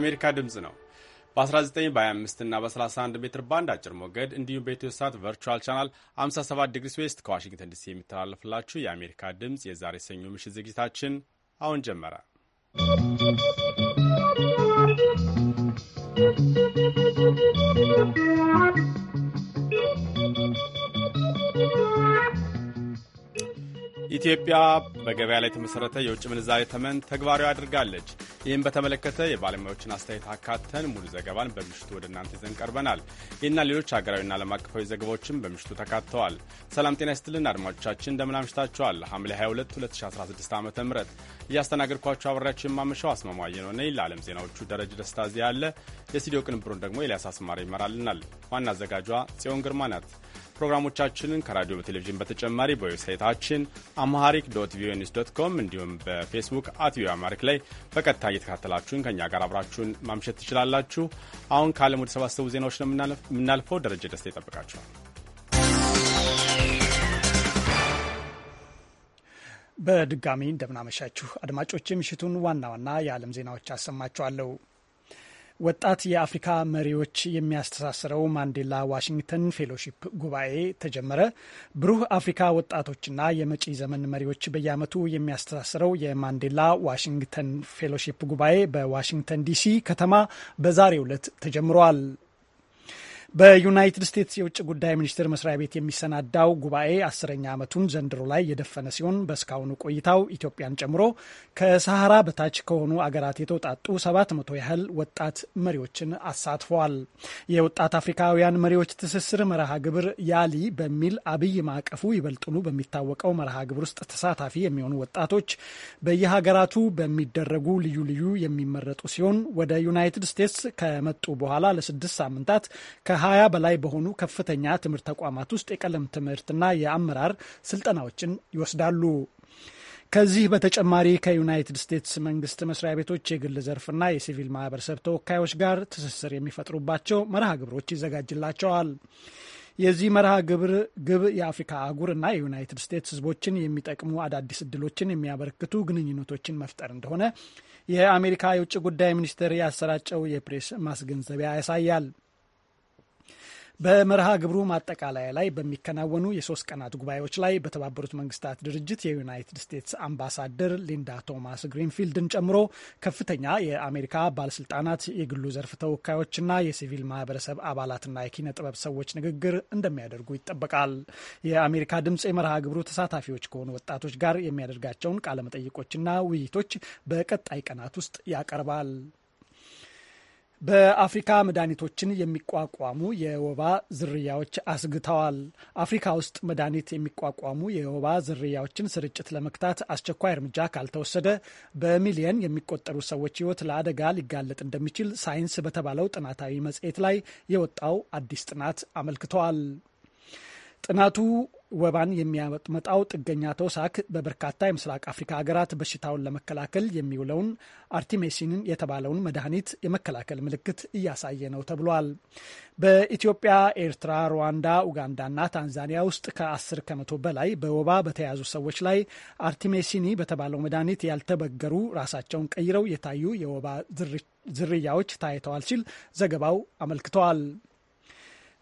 የአሜሪካ ድምፅ ነው። በ19 በ25 እና በ31 ሜትር ባንድ አጭር ሞገድ እንዲሁም በኢትዮ ሳት ቨርቹዋል ቻናል 57 ዲግሪ ስዌስት ከዋሽንግተን ዲሲ የሚተላለፍላችሁ የአሜሪካ ድምፅ የዛሬ ሰኞ ምሽት ዝግጅታችን አሁን ጀመረ። ¶¶ ኢትዮጵያ በገበያ ላይ የተመሠረተ የውጭ ምንዛሬ ተመን ተግባራዊ አድርጋለች። ይህም በተመለከተ የባለሙያዎችን አስተያየት አካተን ሙሉ ዘገባን በምሽቱ ወደ እናንተ ይዘን ቀርበናል። ይህና ሌሎች ሀገራዊና ዓለም አቀፋዊ ዘገባዎችም በምሽቱ ተካተዋል። ሰላም ጤና ይስጥልን አድማጮቻችን፣ አምሽታችኋል? ሐምሌ 22 2016 ዓ ም እያስተናገድኳቸው አብሬያቸው የማመሻው አስማማየ ነው ነኝ። ለዓለም ዜናዎቹ ደረጀ ደስታ እዚህ ያለ የስቱዲዮ ቅንብሩን ደግሞ ኤልያስ አስማሪ ይመራልናል። ዋና አዘጋጇ ጽዮን ግርማ ናት። ፕሮግራሞቻችንን ከራዲዮ በቴሌቪዥን በተጨማሪ በዌብሳይታችን አምሃሪክ ዶት ቪኦኤ ኒውስ ዶት ኮም እንዲሁም በፌስቡክ አት ቪኦኤ አማሪክ ላይ በቀጥታ እየተካተላችሁን ከእኛ ጋር አብራችሁን ማምሸት ትችላላችሁ። አሁን ከዓለም ወደ ሰባሰቡ ዜናዎች ነው የምናልፈው። ደረጀ ደስታ ይጠብቃችኋል። በድጋሚ እንደምናመሻችሁ አድማጮች፣ የምሽቱን ዋና ዋና የዓለም ዜናዎች አሰማችኋለሁ። ወጣት የአፍሪካ መሪዎች የሚያስተሳስረው ማንዴላ ዋሽንግተን ፌሎሺፕ ጉባኤ ተጀመረ። ብሩህ አፍሪካ ወጣቶችና የመጪ ዘመን መሪዎች በየዓመቱ የሚያስተሳስረው የማንዴላ ዋሽንግተን ፌሎሺፕ ጉባኤ በዋሽንግተን ዲሲ ከተማ በዛሬው ዕለት ተጀምሯል። በዩናይትድ ስቴትስ የውጭ ጉዳይ ሚኒስቴር መስሪያ ቤት የሚሰናዳው ጉባኤ አስረኛ ዓመቱን ዘንድሮ ላይ የደፈነ ሲሆን በእስካሁኑ ቆይታው ኢትዮጵያን ጨምሮ ከሰሃራ በታች ከሆኑ አገራት የተውጣጡ ሰባት መቶ ያህል ወጣት መሪዎችን አሳትፈዋል። የወጣት አፍሪካውያን መሪዎች ትስስር መርሃ ግብር ያሊ በሚል አብይ ማዕቀፉ ይበልጥኑ በሚታወቀው መርሃ ግብር ውስጥ ተሳታፊ የሚሆኑ ወጣቶች በየሀገራቱ በሚደረጉ ልዩ ልዩ የሚመረጡ ሲሆን ወደ ዩናይትድ ስቴትስ ከመጡ በኋላ ለስድስት ሳምንታት ከ ከሀያ 20 በላይ በሆኑ ከፍተኛ ትምህርት ተቋማት ውስጥ የቀለም ትምህርትና የአመራር ስልጠናዎችን ይወስዳሉ። ከዚህ በተጨማሪ ከዩናይትድ ስቴትስ መንግስት መስሪያ ቤቶች የግል ዘርፍና የሲቪል ማህበረሰብ ተወካዮች ጋር ትስስር የሚፈጥሩባቸው መርሃ ግብሮች ይዘጋጅላቸዋል። የዚህ መርሃ ግብር ግብ የአፍሪካ አህጉር እና የዩናይትድ ስቴትስ ህዝቦችን የሚጠቅሙ አዳዲስ እድሎችን የሚያበረክቱ ግንኙነቶችን መፍጠር እንደሆነ የአሜሪካ የውጭ ጉዳይ ሚኒስቴር ያሰራጨው የፕሬስ ማስገንዘቢያ ያሳያል። በመርሃ ግብሩ ማጠቃለያ ላይ በሚከናወኑ የሶስት ቀናት ጉባኤዎች ላይ በተባበሩት መንግስታት ድርጅት የዩናይትድ ስቴትስ አምባሳደር ሊንዳ ቶማስ ግሪንፊልድን ጨምሮ ከፍተኛ የአሜሪካ ባለስልጣናት፣ የግሉ ዘርፍ ተወካዮችና የሲቪል ማህበረሰብ አባላትና የኪነ ጥበብ ሰዎች ንግግር እንደሚያደርጉ ይጠበቃል። የአሜሪካ ድምፅ የመርሃ ግብሩ ተሳታፊዎች ከሆኑ ወጣቶች ጋር የሚያደርጋቸውን ቃለመጠይቆችና ውይይቶች በቀጣይ ቀናት ውስጥ ያቀርባል። በአፍሪካ መድኃኒቶችን የሚቋቋሙ የወባ ዝርያዎች አስግተዋል። አፍሪካ ውስጥ መድኃኒት የሚቋቋሙ የወባ ዝርያዎችን ስርጭት ለመክታት አስቸኳይ እርምጃ ካልተወሰደ በሚሊየን የሚቆጠሩ ሰዎች ሕይወት ለአደጋ ሊጋለጥ እንደሚችል ሳይንስ በተባለው ጥናታዊ መጽሔት ላይ የወጣው አዲስ ጥናት አመልክተዋል። ጥናቱ ወባን የሚያመጣው ጥገኛ ተውሳክ በበርካታ የምስራቅ አፍሪካ ሀገራት በሽታውን ለመከላከል የሚውለውን አርቲሜሲንን የተባለውን መድኃኒት የመከላከል ምልክት እያሳየ ነው ተብሏል። በኢትዮጵያ፣ ኤርትራ፣ ሩዋንዳ፣ ኡጋንዳና ታንዛኒያ ውስጥ ከ10 ከመቶ በላይ በወባ በተያዙ ሰዎች ላይ አርቲሜሲኒ በተባለው መድኃኒት ያልተበገሩ ራሳቸውን ቀይረው የታዩ የወባ ዝርያዎች ታይተዋል ሲል ዘገባው አመልክተዋል።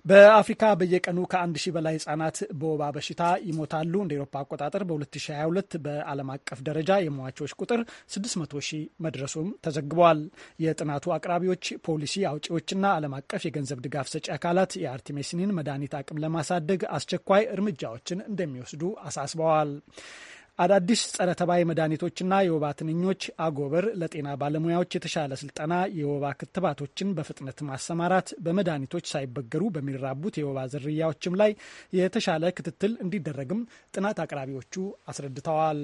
በአፍሪካ በየቀኑ ከአንድ ሺህ በላይ ህጻናት በወባ በሽታ ይሞታሉ። እንደ ኤሮፓ አቆጣጠር በ2022 በዓለም አቀፍ ደረጃ የሟቾች ቁጥር 600 ሺህ መድረሱም ተዘግበዋል። የጥናቱ አቅራቢዎች፣ ፖሊሲ አውጪዎችና ዓለም አቀፍ የገንዘብ ድጋፍ ሰጪ አካላት የአርቲሜሲኒን መድኃኒት አቅም ለማሳደግ አስቸኳይ እርምጃዎችን እንደሚወስዱ አሳስበዋል። አዳዲስ ጸረ ተባይ መድኃኒቶችና የወባ ትንኞች አጎበር ለጤና ባለሙያዎች የተሻለ ስልጠና፣ የወባ ክትባቶችን በፍጥነት ማሰማራት፣ በመድኃኒቶች ሳይበገሩ በሚራቡት የወባ ዝርያዎችም ላይ የተሻለ ክትትል እንዲደረግም ጥናት አቅራቢዎቹ አስረድተዋል።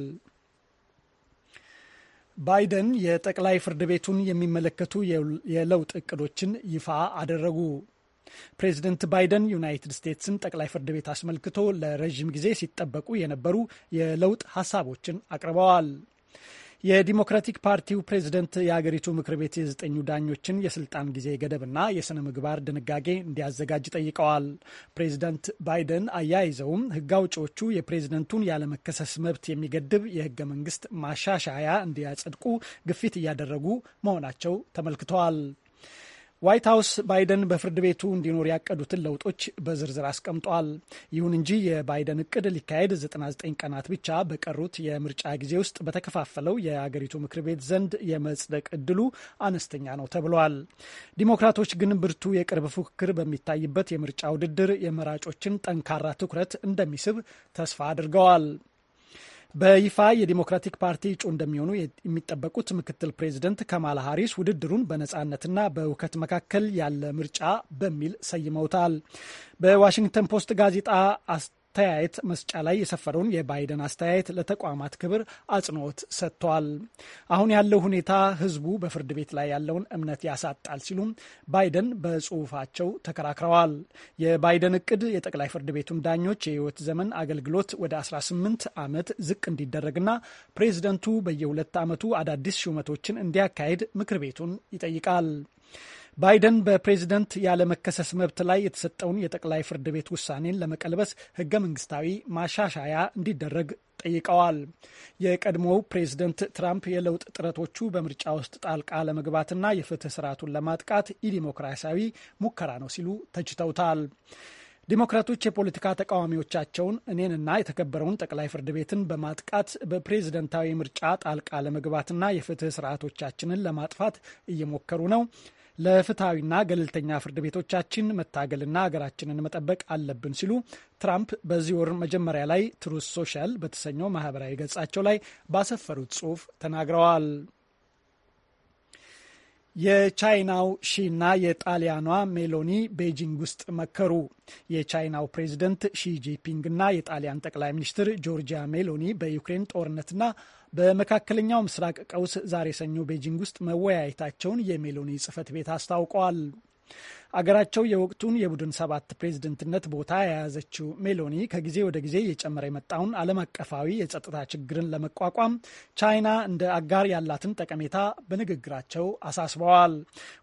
ባይደን የጠቅላይ ፍርድ ቤቱን የሚመለከቱ የለውጥ እቅዶችን ይፋ አደረጉ። ፕሬዚደንት ባይደን ዩናይትድ ስቴትስን ጠቅላይ ፍርድ ቤት አስመልክቶ ለረዥም ጊዜ ሲጠበቁ የነበሩ የለውጥ ሀሳቦችን አቅርበዋል። የዲሞክራቲክ ፓርቲው ፕሬዝደንት የአገሪቱ ምክር ቤት የዘጠኙ ዳኞችን የስልጣን ጊዜ ገደብና የሥነ ምግባር ድንጋጌ እንዲያዘጋጅ ጠይቀዋል። ፕሬዝደንት ባይደን አያይዘውም ሕግ አውጪዎቹ የፕሬዝደንቱን ያለመከሰስ መብት የሚገድብ የሕገ መንግስት ማሻሻያ እንዲያጸድቁ ግፊት እያደረጉ መሆናቸው ተመልክተዋል። ዋይት ሀውስ ባይደን በፍርድ ቤቱ እንዲኖር ያቀዱትን ለውጦች በዝርዝር አስቀምጠዋል። ይሁን እንጂ የባይደን እቅድ ሊካሄድ 99 ቀናት ብቻ በቀሩት የምርጫ ጊዜ ውስጥ በተከፋፈለው የአገሪቱ ምክር ቤት ዘንድ የመጽደቅ እድሉ አነስተኛ ነው ተብሏል። ዲሞክራቶች ግን ብርቱ የቅርብ ፉክክር በሚታይበት የምርጫ ውድድር የመራጮችን ጠንካራ ትኩረት እንደሚስብ ተስፋ አድርገዋል። በይፋ የዲሞክራቲክ ፓርቲ እጩ እንደሚሆኑ የሚጠበቁት ምክትል ፕሬዚደንት ካማላ ሀሪስ ውድድሩን በነጻነትና በእውከት መካከል ያለ ምርጫ በሚል ሰይመውታል። በዋሽንግተን ፖስት ጋዜጣ አስተያየት መስጫ ላይ የሰፈረውን የባይደን አስተያየት ለተቋማት ክብር አጽንኦት ሰጥተዋል። አሁን ያለው ሁኔታ ህዝቡ በፍርድ ቤት ላይ ያለውን እምነት ያሳጣል ሲሉም ባይደን በጽሁፋቸው ተከራክረዋል። የባይደን እቅድ የጠቅላይ ፍርድ ቤቱን ዳኞች የህይወት ዘመን አገልግሎት ወደ 18 ዓመት ዝቅ እንዲደረግና ፕሬዚደንቱ በየሁለት ዓመቱ አዳዲስ ሹመቶችን እንዲያካሄድ ምክር ቤቱን ይጠይቃል። ባይደን በፕሬዝደንት ያለመከሰስ መብት ላይ የተሰጠውን የጠቅላይ ፍርድ ቤት ውሳኔን ለመቀልበስ ህገ መንግስታዊ ማሻሻያ እንዲደረግ ጠይቀዋል። የቀድሞው ፕሬዝደንት ትራምፕ የለውጥ ጥረቶቹ በምርጫ ውስጥ ጣልቃ ለመግባትና የፍትህ ስርዓቱን ለማጥቃት ኢዲሞክራሲያዊ ሙከራ ነው ሲሉ ተችተውታል። ዲሞክራቶች የፖለቲካ ተቃዋሚዎቻቸውን እኔንና የተከበረውን ጠቅላይ ፍርድ ቤትን በማጥቃት በፕሬዝደንታዊ ምርጫ ጣልቃ ለመግባትና የፍትህ ስርዓቶቻችንን ለማጥፋት እየሞከሩ ነው። ለፍትሐዊና ገለልተኛ ፍርድ ቤቶቻችን መታገልና ሀገራችንን መጠበቅ አለብን ሲሉ ትራምፕ በዚህ ወር መጀመሪያ ላይ ትሩስ ሶሻል በተሰኘው ማህበራዊ ገጻቸው ላይ ባሰፈሩት ጽሑፍ ተናግረዋል። የቻይናው ሺና የጣሊያኗ ሜሎኒ ቤጂንግ ውስጥ መከሩ። የቻይናው ፕሬዚደንት ሺጂፒንግና የጣሊያን ጠቅላይ ሚኒስትር ጆርጂያ ሜሎኒ በዩክሬን ጦርነትና በመካከለኛው ምስራቅ ቀውስ ዛሬ ሰኞ ቤጂንግ ውስጥ መወያየታቸውን የሜሎኒ ጽህፈት ቤት አስታውቀዋል። አገራቸው የወቅቱን የቡድን ሰባት ፕሬዝደንትነት ቦታ የያዘችው ሜሎኒ ከጊዜ ወደ ጊዜ እየጨመረ የመጣውን ዓለም አቀፋዊ የጸጥታ ችግርን ለመቋቋም ቻይና እንደ አጋር ያላትን ጠቀሜታ በንግግራቸው አሳስበዋል።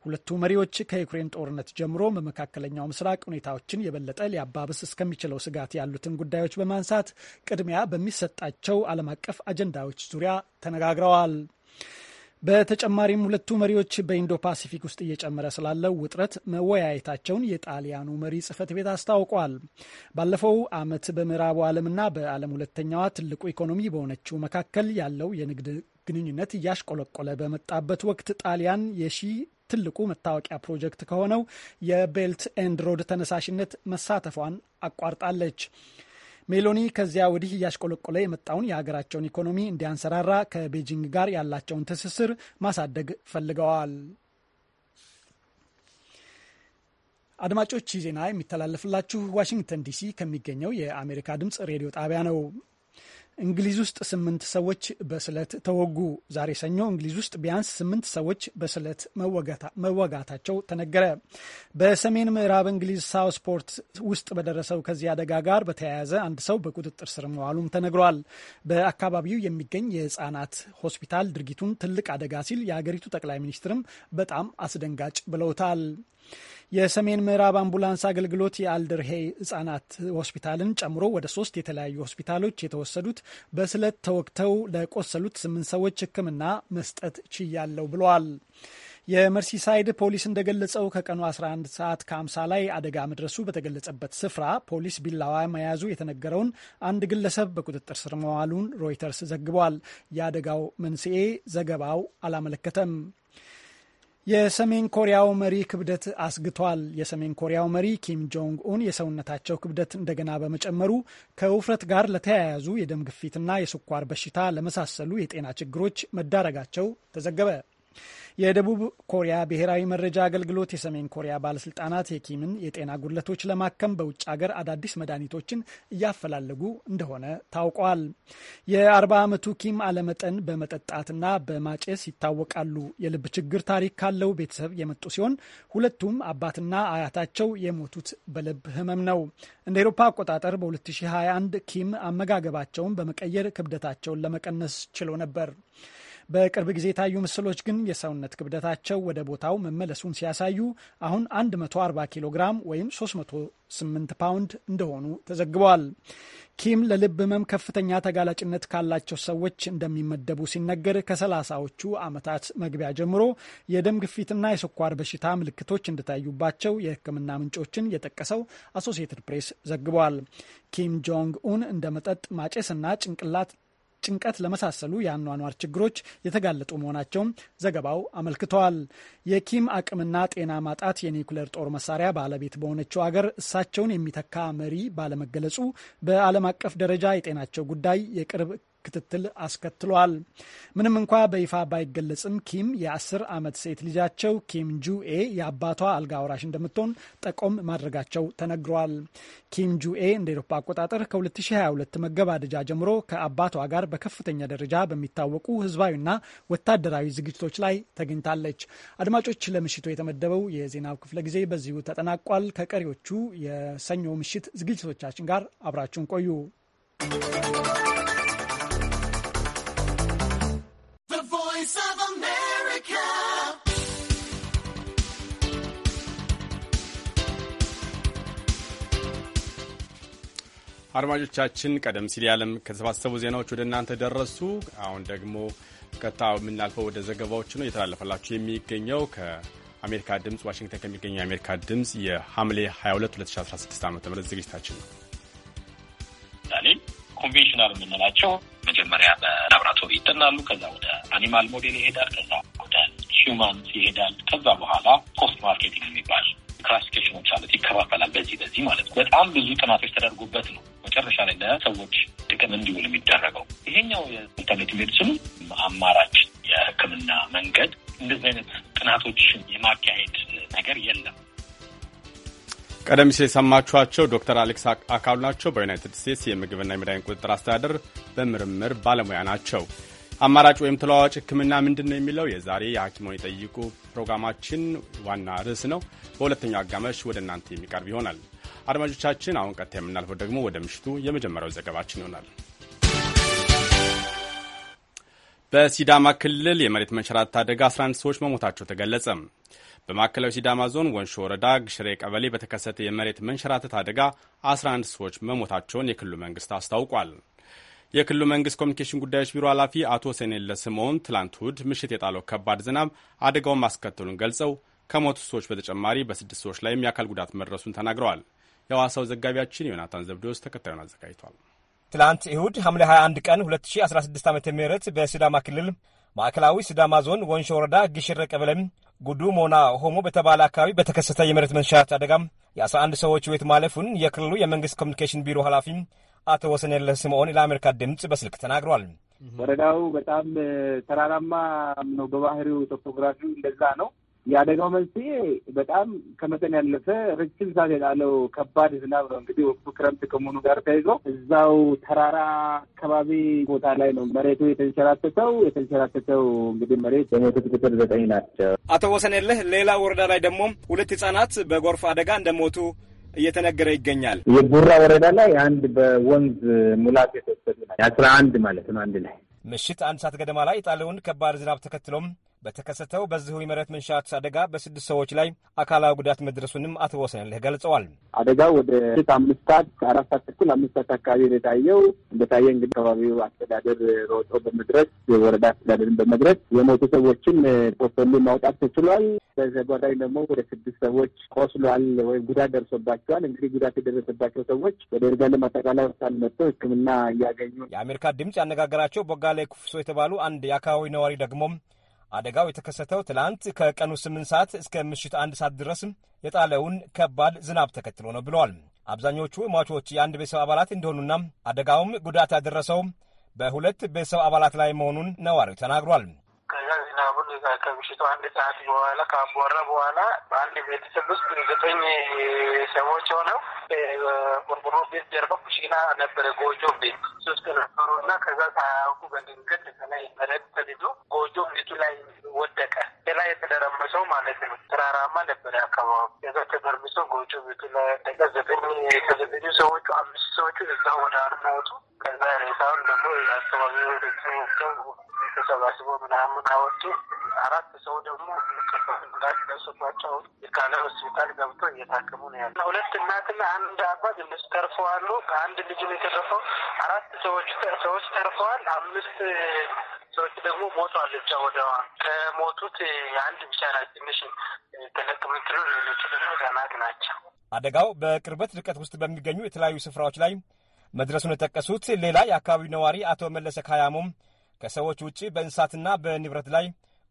ሁለቱ መሪዎች ከዩክሬን ጦርነት ጀምሮ በመካከለኛው ምስራቅ ሁኔታዎችን የበለጠ ሊያባብስ እስከሚችለው ስጋት ያሉትን ጉዳዮች በማንሳት ቅድሚያ በሚሰጣቸው ዓለም አቀፍ አጀንዳዎች ዙሪያ ተነጋግረዋል። በተጨማሪም ሁለቱ መሪዎች በኢንዶ ፓሲፊክ ውስጥ እየጨመረ ስላለው ውጥረት መወያየታቸውን የጣሊያኑ መሪ ጽህፈት ቤት አስታውቋል። ባለፈው ዓመት በምዕራቡ ዓለምና በዓለም ሁለተኛዋ ትልቁ ኢኮኖሚ በሆነችው መካከል ያለው የንግድ ግንኙነት እያሽቆለቆለ በመጣበት ወቅት ጣሊያን የሺ ትልቁ መታወቂያ ፕሮጀክት ከሆነው የቤልት ኤንድ ሮድ ተነሳሽነት መሳተፏን አቋርጣለች። ሜሎኒ ከዚያ ወዲህ እያሽቆለቆለ የመጣውን የሀገራቸውን ኢኮኖሚ እንዲያንሰራራ ከቤጂንግ ጋር ያላቸውን ትስስር ማሳደግ ፈልገዋል። አድማጮች ይህ ዜና የሚተላለፍላችሁ ዋሽንግተን ዲሲ ከሚገኘው የአሜሪካ ድምፅ ሬዲዮ ጣቢያ ነው። እንግሊዝ ውስጥ ስምንት ሰዎች በስለት ተወጉ። ዛሬ ሰኞ እንግሊዝ ውስጥ ቢያንስ ስምንት ሰዎች በስለት መወጋታቸው ተነገረ። በሰሜን ምዕራብ እንግሊዝ ሳውስፖርት ውስጥ በደረሰው ከዚህ አደጋ ጋር በተያያዘ አንድ ሰው በቁጥጥር ስር መዋሉም ተነግሯል። በአካባቢው የሚገኝ የህፃናት ሆስፒታል ድርጊቱን ትልቅ አደጋ ሲል የሀገሪቱ ጠቅላይ ሚኒስትርም በጣም አስደንጋጭ ብለውታል። የሰሜን ምዕራብ አምቡላንስ አገልግሎት የአልደርሄይ ህጻናት ሆስፒታልን ጨምሮ ወደ ሶስት የተለያዩ ሆስፒታሎች የተወሰዱት በስለት ተወግተው ለቆሰሉት ስምንት ሰዎች ሕክምና መስጠት ችያለው ብለዋል። የመርሲሳይድ ፖሊስ እንደገለጸው ከቀኑ 11 ሰዓት ከ50 ላይ አደጋ መድረሱ በተገለጸበት ስፍራ ፖሊስ ቢላዋ መያዙ የተነገረውን አንድ ግለሰብ በቁጥጥር ስር መዋሉን ሮይተርስ ዘግቧል። የአደጋው መንስኤ ዘገባው አላመለከተም። የሰሜን ኮሪያው መሪ ክብደት አስግቷል። የሰሜን ኮሪያው መሪ ኪም ጆንግ ኡን የሰውነታቸው ክብደት እንደገና በመጨመሩ ከውፍረት ጋር ለተያያዙ የደም ግፊትና የስኳር በሽታ ለመሳሰሉ የጤና ችግሮች መዳረጋቸው ተዘገበ። የደቡብ ኮሪያ ብሔራዊ መረጃ አገልግሎት የሰሜን ኮሪያ ባለስልጣናት የኪምን የጤና ጉድለቶች ለማከም በውጭ ሀገር አዳዲስ መድኃኒቶችን እያፈላለጉ እንደሆነ ታውቋል። የ40 ዓመቱ ኪም አለመጠን በመጠጣትና በማጨስ ይታወቃሉ። የልብ ችግር ታሪክ ካለው ቤተሰብ የመጡ ሲሆን ሁለቱም አባትና አያታቸው የሞቱት በልብ ህመም ነው። እንደ ኤሮፓ አቆጣጠር በ2021 ኪም አመጋገባቸውን በመቀየር ክብደታቸውን ለመቀነስ ችሎ ነበር። በቅርብ ጊዜ የታዩ ምስሎች ግን የሰውነት ክብደታቸው ወደ ቦታው መመለሱን ሲያሳዩ አሁን 140 ኪሎ ግራም ወይም 308 ፓውንድ እንደሆኑ ተዘግበዋል። ኪም ለልብ ህመም ከፍተኛ ተጋላጭነት ካላቸው ሰዎች እንደሚመደቡ ሲነገር ከሰላሳዎቹ ዓመታት መግቢያ ጀምሮ የደም ግፊትና የስኳር በሽታ ምልክቶች እንደታዩባቸው የሕክምና ምንጮችን የጠቀሰው አሶሲየትድ ፕሬስ ዘግቧል። ኪም ጆንግ ኡን እንደ መጠጥ ማጨስና ጭንቅላት ጭንቀት ለመሳሰሉ የአኗኗር ችግሮች የተጋለጡ መሆናቸውም ዘገባው አመልክተዋል። የኪም አቅምና ጤና ማጣት የኒውክሌር ጦር መሳሪያ ባለቤት በሆነችው አገር እሳቸውን የሚተካ መሪ ባለመገለጹ በዓለም አቀፍ ደረጃ የጤናቸው ጉዳይ የቅርብ ክትትል አስከትሏል። ምንም እንኳ በይፋ ባይገለጽም ኪም የአስር ዓመት ሴት ልጃቸው ኪም ጁኤ የአባቷ አልጋ ወራሽ እንደምትሆን ጠቆም ማድረጋቸው ተነግሯል። ኪም ጁኤ እንደ ኤሮፓ አቆጣጠር ከ2022 መገባደጃ ጀምሮ ከአባቷ ጋር በከፍተኛ ደረጃ በሚታወቁ ህዝባዊና ወታደራዊ ዝግጅቶች ላይ ተገኝታለች። አድማጮች፣ ለምሽቱ የተመደበው የዜናው ክፍለ ጊዜ በዚሁ ተጠናቋል። ከቀሪዎቹ የሰኞ ምሽት ዝግጅቶቻችን ጋር አብራችሁን ቆዩ። Voice of America. አድማጮቻችን ቀደም ሲል ያለም ከተሰባሰቡ ዜናዎች ወደ እናንተ ደረሱ። አሁን ደግሞ ቀጥታ የምናልፈው ወደ ዘገባዎች ነው። እየተላለፈላችሁ የሚገኘው ከአሜሪካ ድምፅ ዋሽንግተን ከሚገኘው የአሜሪካ ድምፅ የሐምሌ 22 2016 ዓ ም ዝግጅታችን ነው። ኮንቬንሽናል የምንላቸው መጀመሪያ በላብራቶሪ ይጠናሉ። ከዛ ወደ አኒማል ሞዴል ይሄዳል። ከዛ ወደ ሂውማንስ ይሄዳል። ከዛ በኋላ ፖስት ማርኬቲንግ የሚባል ክላሲፊኬሽኖች አሉት። ይከፋፈላል። በዚህ በዚህ ማለት ነው። በጣም ብዙ ጥናቶች ተደርጎበት ነው መጨረሻ ላይ ለሰዎች ጥቅም እንዲውል የሚደረገው። ይሄኛው የኢንተርኔት ሜዲሲኑ አማራጭ የሕክምና መንገድ እንደዚህ አይነት ጥናቶችን የማካሄድ ነገር የለም። ቀደም ሲል የሰማችኋቸው ዶክተር አሌክስ አካሉ ናቸው። በዩናይትድ ስቴትስ የምግብና የመድኃኒት ቁጥጥር አስተዳደር በምርምር ባለሙያ ናቸው። አማራጭ ወይም ተለዋዋጭ ሕክምና ምንድን ነው የሚለው የዛሬ የሐኪሞን የጠይቁ ፕሮግራማችን ዋና ርዕስ ነው። በሁለተኛው አጋማሽ ወደ እናንተ የሚቀርብ ይሆናል። አድማጮቻችን፣ አሁን ቀጥታ የምናልፈው ደግሞ ወደ ምሽቱ የመጀመሪያው ዘገባችን ይሆናል። በሲዳማ ክልል የመሬት መንሸራተት አደጋ 11 ሰዎች መሞታቸው ተገለጸ። በማዕከላዊ ሲዳማ ዞን ወንሾ ወረዳ ግሽሬ ቀበሌ በተከሰተ የመሬት መንሸራተት አደጋ 11 ሰዎች መሞታቸውን የክልሉ መንግስት አስታውቋል። የክልሉ መንግስት ኮሚኒኬሽን ጉዳዮች ቢሮ ኃላፊ አቶ ሰኔለ ስምዖን ትላንት እሁድ ምሽት የጣለው ከባድ ዝናብ አደጋውን ማስከተሉን ገልጸው ከሞቱ ሰዎች በተጨማሪ በስድስት ሰዎች ላይም የአካል ጉዳት መድረሱን ተናግረዋል። የሐዋሳው ዘጋቢያችን ዮናታን ዘብዴዎስ ተከታዩን አዘጋጅቷል። ትላንት እሁድ ሐምሌ 21 ቀን 2016 ዓ ም በሲዳማ ክልል ማዕከላዊ ሲዳማ ዞን ወንሾ ወረዳ ግሽረ ቀበሌም ጉዱ ሞና ሆሞ በተባለ አካባቢ በተከሰተ የመሬት መንሻት አደጋም የ11 ሰዎች ሕይወት ማለፉን የክልሉ የመንግስት ኮሚኒኬሽን ቢሮ ኃላፊ አቶ ወሰኔለ ስምዖን ለአሜሪካ ድምፅ በስልክ ተናግሯል። ወረዳው በጣም ተራራማ ነው፣ በባህሪው ቶፖግራፊው እንደዛ ነው። የአደጋው መንስኤ በጣም ከመጠን ያለፈ ረጅም ሰዓት የጣለው ከባድ ዝናብ ነው። እንግዲህ ወቅቱ ክረምት ከመሆኑ ጋር ተይዞ እዛው ተራራ አካባቢ ቦታ ላይ ነው መሬቱ የተንሸራተተው። የተንሸራተተው እንግዲህ መሬት የሞቱት ቁጥር ዘጠኝ ናቸው። አቶ ወሰንየለህ፣ ሌላ ወረዳ ላይ ደግሞ ሁለት ህጻናት በጎርፍ አደጋ እንደሞቱ እየተነገረ ይገኛል። የቡራ ወረዳ ላይ አንድ በወንዝ ሙላት የተወሰዱ አስራ አንድ ማለት ነው አንድ ላይ ምሽት አንድ ሰዓት ገደማ ላይ የጣለውን ከባድ ዝናብ ተከትሎም በተከሰተው በዚሁ የመሬት መንሻት አደጋ በስድስት ሰዎች ላይ አካላዊ ጉዳት መድረሱንም አቶ ወሰንልህ ገልጸዋል። አደጋው ወደ ፊት አምስት ሰዓት አራት ሰዓት ተኩል አምስት ሰዓት አካባቢ የታየው እንደታየ እንግዲህ አካባቢው አስተዳደር ሮጦ በመድረስ የወረዳ አስተዳደርን በመድረስ የሞቱ ሰዎችን ቆሰሉ ማውጣት ተችሏል። በተጓዳኝ ደግሞ ወደ ስድስት ሰዎች ቆስሏል ወይም ጉዳት ደርሶባቸዋል። እንግዲህ ጉዳት የደረሰባቸው ሰዎች ወደ ይርጋለም አጠቃላይ ሆስፒታል መጥተው ሕክምና እያገኙ የአሜሪካ ድምፅ ያነጋገራቸው ቦጋላይ ኩፍሶ የተባሉ አንድ የአካባቢ ነዋሪ ደግሞ አደጋው የተከሰተው ትላንት ከቀኑ ስምንት ሰዓት እስከ ምሽት አንድ ሰዓት ድረስ የጣለውን ከባድ ዝናብ ተከትሎ ነው ብለዋል። አብዛኞቹ ሟቾች የአንድ ቤተሰብ አባላት እንደሆኑና አደጋውም ጉዳት ያደረሰው በሁለት ቤተሰብ አባላት ላይ መሆኑን ነዋሪው ተናግሯል። ከዛ አሁን ከምሽቱ አንድ ሰዓት በኋላ ካቦራ በኋላ በአንድ ቤተሰብ ውስጥ ዘጠኝ ሰዎች ሆነው ቆርቆሮ ቤት ጀርባ ኩሽና ነበረ፣ ጎጆ ቤት ሶስት ነበሩ እና ከዛ ሳያውቁ በድንገት ከላይ መሬት ተልዶ ጎጆ ቤቱ ላይ ወደቀ። ሌላ የተደረመሰው ማለት ነው። ተራራማ ነበረ አካባቢ። ከዛ ተደርምሶ ጎጆ ቤቱ ላይ ወደቀ። ዘጠኝ ከዘጠኙ ሰዎቹ አምስት ሰዎቹ እዛ ወደ አርማወቱ ከዛ ሬሳውን ደግሞ አካባቢ ወደ ተሰባስቦ ምናምን አወጡ። አራት ሰው ደግሞ ከባድ ጉዳት ደርሶባቸው የቃለ ሆስፒታል ገብቶ እየታከሙ ነው ያለ። ሁለት እናትና አንድ አባት እነሱ ተርፈዋሉ። ከአንድ ልጅ ነው የተረፈው። አራት ሰዎች ሰዎች ተርፈዋል። አምስት ሰዎች ደግሞ ሞቷል። ብቻ ወደዋ ከሞቱት የአንድ ብቻ ና ትንሽ ተለቅ ምትሉ ሌሎቹ ደግሞ ህጻናት ናቸው። አደጋው በቅርበት ርቀት ውስጥ በሚገኙ የተለያዩ ስፍራዎች ላይ መድረሱን የጠቀሱት ሌላ የአካባቢው ነዋሪ አቶ መለሰ ካያሞም ከሰዎች ውጭ በእንስሳትና በንብረት ላይ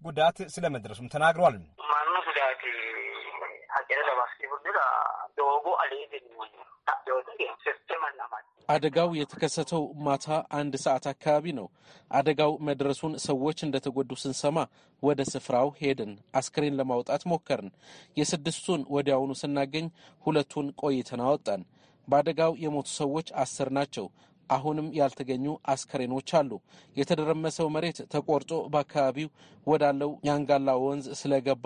ጉዳት ስለመድረሱም ተናግሯል። አደጋው የተከሰተው ማታ አንድ ሰዓት አካባቢ ነው። አደጋው መድረሱን ሰዎች እንደተጎዱ ስንሰማ ወደ ስፍራው ሄድን። አስክሬን ለማውጣት ሞከርን። የስድስቱን ወዲያውኑ ስናገኝ ሁለቱን ቆይተን አወጣን። በአደጋው የሞቱ ሰዎች አስር ናቸው። አሁንም ያልተገኙ አስከሬኖች አሉ። የተደረመሰው መሬት ተቆርጦ በአካባቢው ወዳለው ያንጋላ ወንዝ ስለገባ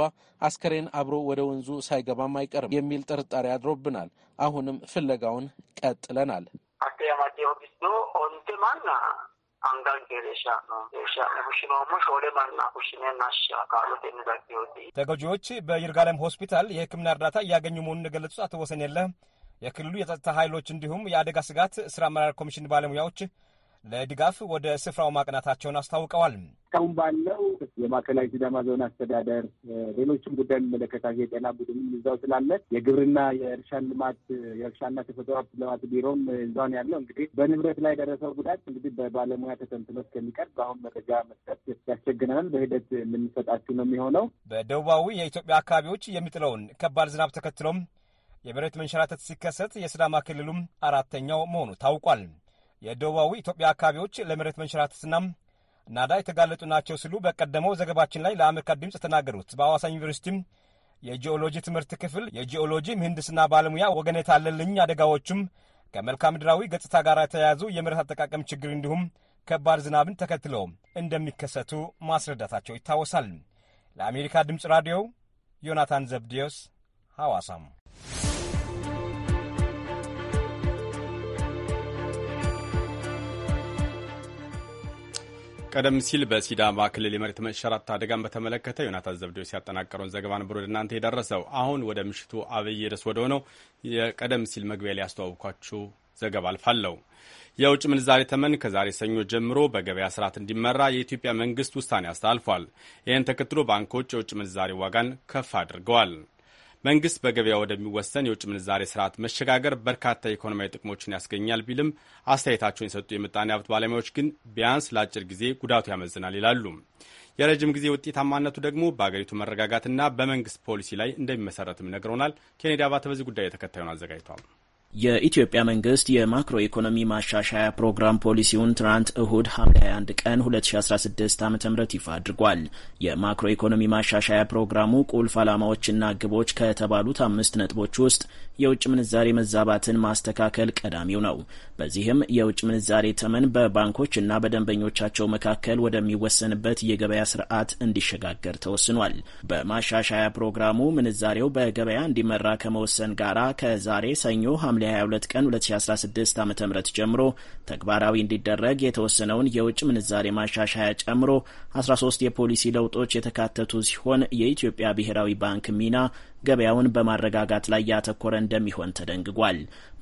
አስከሬን አብሮ ወደ ወንዙ ሳይገባም አይቀርም የሚል ጥርጣሬ አድሮብናል። አሁንም ፍለጋውን ቀጥለናል። ተጎጂዎች በይርጋለም ሆስፒታል የሕክምና እርዳታ እያገኙ መሆኑን የገለጹት አቶ ወሰን የለህ የክልሉ የጸጥታ ኃይሎች እንዲሁም የአደጋ ስጋት ስራ አመራር ኮሚሽን ባለሙያዎች ለድጋፍ ወደ ስፍራው ማቅናታቸውን አስታውቀዋል። እስካሁን ባለው የማዕከላዊ ሲዳማ ዞን አስተዳደር፣ ሌሎችም ጉዳይ የሚመለከታቸው የጤና ቡድንም እዛው ስላለ የግብርና የእርሻን ልማት የእርሻና ተፈጥሮ ሀብት ልማት ቢሮም እዛውን ያለው እንግዲህ በንብረት ላይ የደረሰው ጉዳት እንግዲህ በባለሙያ ተተንትኖ እስከሚቀርብ በአሁን መረጃ መስጠት ያስቸግነናል። በሂደት የምንሰጣችሁ ነው የሚሆነው። በደቡባዊ የኢትዮጵያ አካባቢዎች የሚጥለውን ከባድ ዝናብ ተከትሎም የመሬት መንሸራተት ሲከሰት የስዳማ ክልሉም አራተኛው መሆኑ ታውቋል። የደቡባዊ ኢትዮጵያ አካባቢዎች ለመሬት መንሸራተትና ናዳ የተጋለጡ ናቸው ሲሉ በቀደመው ዘገባችን ላይ ለአሜሪካ ድምፅ የተናገሩት በአዋሳ ዩኒቨርሲቲም የጂኦሎጂ ትምህርት ክፍል የጂኦሎጂ ምህንድስና ባለሙያ ወገን የታለልኝ አደጋዎቹም ከመልክዓ ምድራዊ ገጽታ ጋር የተያያዙ የመሬት አጠቃቀም ችግር እንዲሁም ከባድ ዝናብን ተከትለው እንደሚከሰቱ ማስረዳታቸው ይታወሳል። ለአሜሪካ ድምፅ ራዲዮ ዮናታን ዘብዴዎስ ሐዋሳም ቀደም ሲል በሲዳማ ክልል የመሬት መሸራት አደጋን በተመለከተ ዮናታን ዘብዴዎስ ሲያጠናቀረውን ዘገባ ነበር ወደ እናንተ የደረሰው። አሁን ወደ ምሽቱ አብይ ርዕስ ወደ ሆነው የቀደም ሲል መግቢያ ላይ ያስተዋውኳችሁ ዘገባ አልፋለሁ። የውጭ ምንዛሬ ተመን ከዛሬ ሰኞ ጀምሮ በገበያ ስርዓት እንዲመራ የኢትዮጵያ መንግስት ውሳኔ አስተላልፏል። ይህን ተከትሎ ባንኮች የውጭ ምንዛሬ ዋጋን ከፍ አድርገዋል። መንግስት በገበያ ወደሚወሰን የውጭ ምንዛሬ ስርዓት መሸጋገር በርካታ የኢኮኖሚያዊ ጥቅሞችን ያስገኛል ቢልም አስተያየታቸውን የሰጡ የምጣኔ ሀብት ባለሙያዎች ግን ቢያንስ ለአጭር ጊዜ ጉዳቱ ያመዝናል ይላሉ። የረጅም ጊዜ ውጤታማነቱ ደግሞ በአገሪቱ መረጋጋትና በመንግስት ፖሊሲ ላይ እንደሚመሰረትም ነግረውናል። ኬኔዲ አባተ በዚህ ጉዳይ የተከታዩን አዘጋጅቷል። የኢትዮጵያ መንግስት የማክሮ ኢኮኖሚ ማሻሻያ ፕሮግራም ፖሊሲውን ትናንት እሁድ ሐምሌ 21 ቀን 2016 ዓ ም ይፋ አድርጓል። የማክሮ ኢኮኖሚ ማሻሻያ ፕሮግራሙ ቁልፍ ዓላማዎችና ግቦች ከተባሉት አምስት ነጥቦች ውስጥ የውጭ ምንዛሬ መዛባትን ማስተካከል ቀዳሚው ነው። በዚህም የውጭ ምንዛሬ ተመን በባንኮች እና በደንበኞቻቸው መካከል ወደሚወሰንበት የገበያ ስርዓት እንዲሸጋገር ተወስኗል። በማሻሻያ ፕሮግራሙ ምንዛሬው በገበያ እንዲመራ ከመወሰን ጋር ከዛሬ ሰኞ ሐምሌ 22 ቀን 2016 ዓ ም ጀምሮ ተግባራዊ እንዲደረግ የተወሰነውን የውጭ ምንዛሬ ማሻሻያ ጨምሮ 13 የፖሊሲ ለውጦች የተካተቱ ሲሆን የኢትዮጵያ ብሔራዊ ባንክ ሚና ገበያውን በማረጋጋት ላይ ያተኮረ እንደሚሆን ተደንግጓል።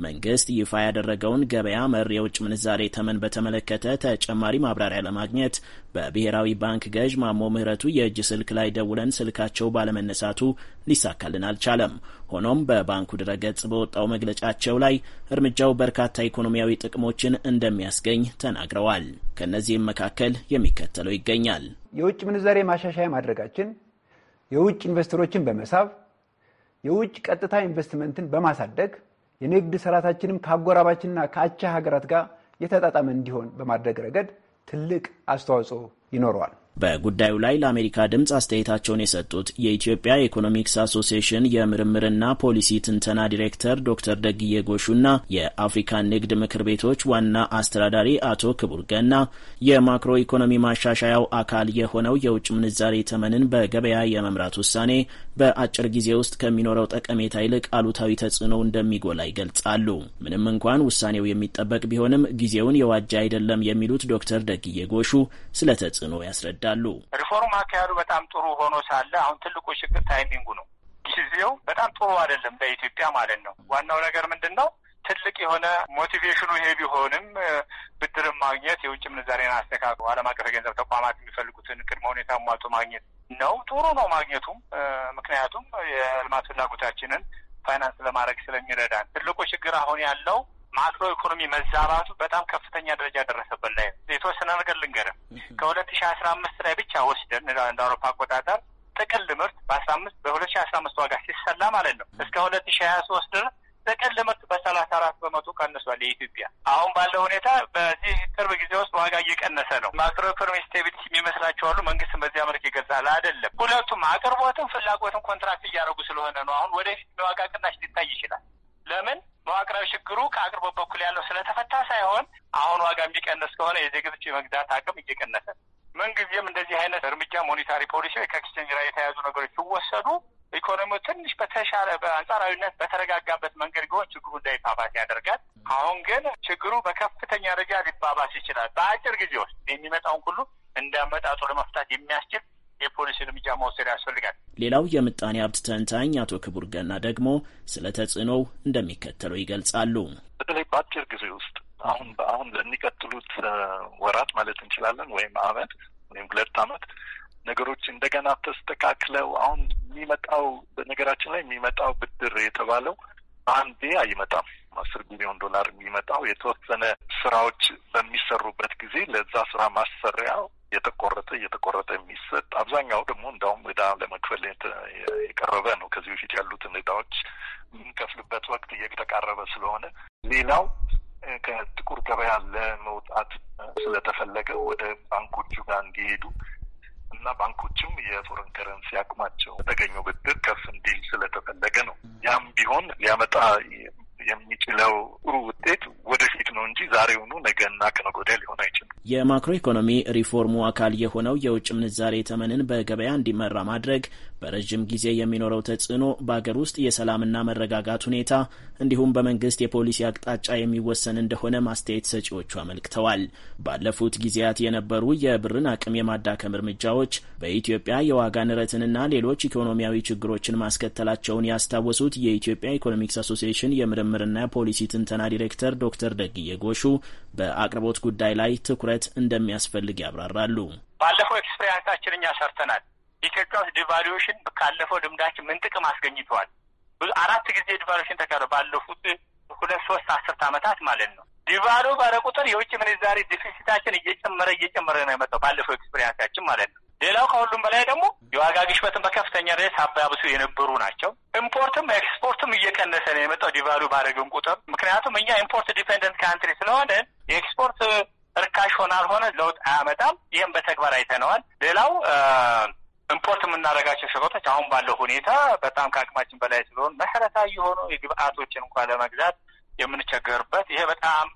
መንግስት ይፋ ያደረገውን ገበያ መር የውጭ ምንዛሬ ተመን በተመለከተ ተጨማሪ ማብራሪያ ለማግኘት በብሔራዊ ባንክ ገዥ ማሞ ምህረቱ የእጅ ስልክ ላይ ደውለን ስልካቸው ባለመነሳቱ ሊሳካልን አልቻለም። ሆኖም በባንኩ ድረገጽ በወጣው መግለጫቸው ላይ እርምጃው በርካታ ኢኮኖሚያዊ ጥቅሞችን እንደሚያስገኝ ተናግረዋል። ከእነዚህም መካከል የሚከተለው ይገኛል። የውጭ ምንዛሬ ማሻሻያ ማድረጋችን የውጭ ኢንቨስተሮችን በመሳብ የውጭ ቀጥታ ኢንቨስትመንትን በማሳደግ የንግድ ስርዓታችንም ከአጎራባችንና ከአቻ ሀገራት ጋር የተጣጣመ እንዲሆን በማድረግ ረገድ ትልቅ አስተዋጽኦ ይኖረዋል። በጉዳዩ ላይ ለአሜሪካ ድምፅ አስተያየታቸውን የሰጡት የኢትዮጵያ ኢኮኖሚክስ አሶሲሽን የምርምርና ፖሊሲ ትንተና ዲሬክተር ዶክተር ደግዬ ጎሹና የአፍሪካ ንግድ ምክር ቤቶች ዋና አስተዳዳሪ አቶ ክቡር ገና የማክሮ ኢኮኖሚ ማሻሻያው አካል የሆነው የውጭ ምንዛሬ ተመንን በገበያ የመምራት ውሳኔ በአጭር ጊዜ ውስጥ ከሚኖረው ጠቀሜታ ይልቅ አሉታዊ ተጽዕኖ እንደሚጎላ ይገልጻሉ። ምንም እንኳን ውሳኔው የሚጠበቅ ቢሆንም ጊዜውን የዋጃ አይደለም የሚሉት ዶክተር ደግዬ ጎሹ ስለ ተጽዕኖ ያስረዳል ያስረዳሉ። ሪፎርም አካሄዱ በጣም ጥሩ ሆኖ ሳለ አሁን ትልቁ ችግር ታይሚንጉ ነው። ጊዜው በጣም ጥሩ አይደለም ለኢትዮጵያ ማለት ነው። ዋናው ነገር ምንድን ነው? ትልቅ የሆነ ሞቲቬሽኑ ይሄ ቢሆንም ብድርን ማግኘት የውጭ ምንዛሬን አስተካክሎ ዓለም አቀፍ የገንዘብ ተቋማት የሚፈልጉትን ቅድመ ሁኔታ ሟቶ ማግኘት ነው። ጥሩ ነው ማግኘቱም፣ ምክንያቱም የልማት ፍላጎታችንን ፋይናንስ ለማድረግ ስለሚረዳን። ትልቁ ችግር አሁን ያለው ማክሮ ኢኮኖሚ መዛባቱ በጣም ከፍተኛ ደረጃ ደረሰበት ላይ የተወሰነ ነገር ልንገርም ከሁለት ሺ አስራ አምስት ላይ ብቻ ወስደን እንደ አውሮፓ አቆጣጠር ጥቅል ምርት በአስራ አምስት በሁለት ሺ አስራ አምስት ዋጋ ሲሰላ ማለት ነው እስከ ሁለት ሺ ሀያ ሶስት ድረስ ጥቅል ምርት በሰላሳ አራት በመቶ ቀንሷል። የኢትዮጵያ አሁን ባለው ሁኔታ በዚህ ቅርብ ጊዜ ውስጥ ዋጋ እየቀነሰ ነው። ማክሮ ኢኮኖሚ ስቴቢሊቲ የሚመስላቸው አሉ። መንግስት በዚያ መልክ ይገልጻል አይደለም። ሁለቱም አቅርቦትም ፍላጎትም ኮንትራክት እያደረጉ ስለሆነ ነው። አሁን ወደፊት ዋጋ ቅናሽ ሊታይ ይችላል። ለምን መዋቅራዊ ችግሩ ከአቅርቦት በኩል ያለው ስለተፈታ ሳይሆን አሁን ዋጋ የሚቀንስ ከሆነ የዜጎች የመግዛት አቅም እየቀነሰ ምንጊዜም እንደዚህ አይነት እርምጃ ሞኒታሪ ፖሊሲ ከኤክስቼንጅ ላይ የተያዙ ነገሮች ሲወሰዱ ኢኮኖሚው ትንሽ በተሻለ በአንጻራዊነት በተረጋጋበት መንገድ ቢሆን ችግሩ እንዳይባባስ ያደርጋል። አሁን ግን ችግሩ በከፍተኛ ደረጃ ሊባባስ ይችላል። በአጭር ጊዜ ውስጥ የሚመጣውን ሁሉ እንዳመጣጡ ለመፍታት የሚያስችል የፖሊሲ እርምጃ መውሰድ ያስፈልጋል። ሌላው የምጣኔ ሀብት ተንታኝ አቶ ክቡር ገና ደግሞ ስለ ተጽዕኖው እንደሚከተለው ይገልጻሉ። በተለይ በአጭር ጊዜ ውስጥ አሁን በአሁን ለሚቀጥሉት ወራት ማለት እንችላለን ወይም አመት ወይም ሁለት አመት ነገሮች እንደገና ተስተካክለው አሁን የሚመጣው በነገራችን ላይ የሚመጣው ብድር የተባለው አንዴ አይመጣም። አስር ቢሊዮን ዶላር የሚመጣው የተወሰነ ስራዎች በሚሰሩበት ጊዜ ለዛ ስራ ማሰሪያው እየተቆረጠ እየተቆረጠ የሚሰጥ አብዛኛው ደግሞ እንዲያውም ዕዳ ለመክፈል የቀረበ ነው። ከዚህ በፊት ያሉትን ዕዳዎች የምንከፍልበት ወቅት እየተቃረበ ስለሆነ ሌላው ከጥቁር ገበያ ለመውጣት ስለተፈለገ ወደ ባንኮቹ ጋር እንዲሄዱ እና ባንኮችም የፎረን ከረንሲ አቅማቸው የተገኘው ብድር ከፍ እንዲል ስለተፈለገ ነው። ያም ቢሆን ሊያመጣ የሚችለው ጥሩ ውጤት ወደፊት ነው እንጂ ዛሬውኑ ነገና ከነገ ወዲያ ሊሆን አይችልም። የማክሮ ኢኮኖሚ ሪፎርሙ አካል የሆነው የውጭ ምንዛሬ ተመንን በገበያ እንዲመራ ማድረግ በረዥም ጊዜ የሚኖረው ተጽዕኖ በአገር ውስጥ የሰላምና መረጋጋት ሁኔታ እንዲሁም በመንግስት የፖሊሲ አቅጣጫ የሚወሰን እንደሆነ ማስተያየት ሰጪዎቹ አመልክተዋል። ባለፉት ጊዜያት የነበሩ የብርን አቅም የማዳከም እርምጃዎች በኢትዮጵያ የዋጋ ንረትንና ሌሎች ኢኮኖሚያዊ ችግሮችን ማስከተላቸውን ያስታወሱት የኢትዮጵያ ኢኮኖሚክስ አሶሲሽን የምርምርና ፖሊሲ ትንተና ዲሬክተር ዶክተር ደግዬ ጎሹ በአቅርቦት ጉዳይ ላይ ትኩረት እንደሚያስፈልግ ያብራራሉ። ባለፈው ኤክስፔሪንሳችን እኛ ሰርተናል። ኢትዮጵያ ውስጥ ዲቫሉዌሽን ካለፈው ልምዳችን ምን ጥቅም አስገኝተዋል? ብዙ አራት ጊዜ ዲቫሉዌሽን ተካሄደ ባለፉት ሁለት ሶስት አስርት ዓመታት ማለት ነው። ዲቫሉ ባለ ቁጥር የውጭ ምንዛሬ ዲፊሲታችን እየጨመረ እየጨመረ ነው የመጣው ባለፈው ኤክስፔሪንሳችን ማለት ነው። ሌላው ከሁሉም በላይ ደግሞ የዋጋ ግሽበትን በከፍተኛ ድረስ አባብሱ የነበሩ ናቸው። ኢምፖርትም ኤክስፖርትም እየቀነሰ ነው የመጣው ዲቫሉ ባረግን ቁጥር። ምክንያቱም እኛ ኢምፖርት ዲፔንደንት ካንትሪ ስለሆነ የኤክስፖርት እርካሽ ሆነ ለውጥ አያመጣም። ይህም በተግባር አይተነዋል። ሌላው ኢምፖርት የምናደርጋቸው ሸቀጦች አሁን ባለው ሁኔታ በጣም ከአቅማችን በላይ ስለሆኑ መሰረታዊ የሆኑ የግብአቶችን እንኳ ለመግዛት የምንቸገርበት ይሄ በጣም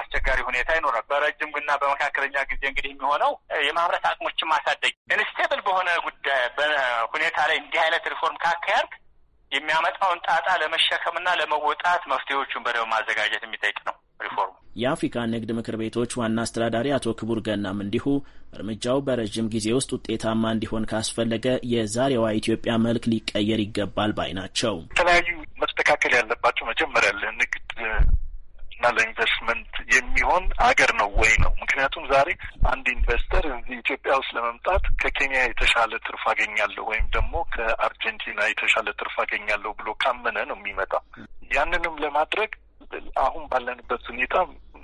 አስቸጋሪ ሁኔታ ይኖራል። በረጅም ግና በመካከለኛ ጊዜ እንግዲህ የሚሆነው የማምረት አቅሞችን ማሳደግ ኢንስቴብል በሆነ ጉዳይ በሁኔታ ላይ እንዲህ አይነት ሪፎርም ካካያርግ የሚያመጣውን ጣጣ ለመሸከምና ለመወጣት መፍትሄዎቹን በደንብ ማዘጋጀት የሚጠይቅ ነው ሪፎርሙ። የአፍሪካ ንግድ ምክር ቤቶች ዋና አስተዳዳሪ አቶ ክቡር ገናም እንዲሁ እርምጃው በረዥም ጊዜ ውስጥ ውጤታማ እንዲሆን ካስፈለገ የዛሬዋ ኢትዮጵያ መልክ ሊቀየር ይገባል ባይ ናቸው። የተለያዩ መስተካከል ያለባቸው መጀመሪያ ለንግድ እና ለኢንቨስትመንት የሚሆን አገር ነው ወይ ነው። ምክንያቱም ዛሬ አንድ ኢንቨስተር እዚህ ኢትዮጵያ ውስጥ ለመምጣት ከኬንያ የተሻለ ትርፍ አገኛለሁ ወይም ደግሞ ከአርጀንቲና የተሻለ ትርፍ አገኛለሁ ብሎ ካመነ ነው የሚመጣው። ያንንም ለማድረግ አሁን ባለንበት ሁኔታ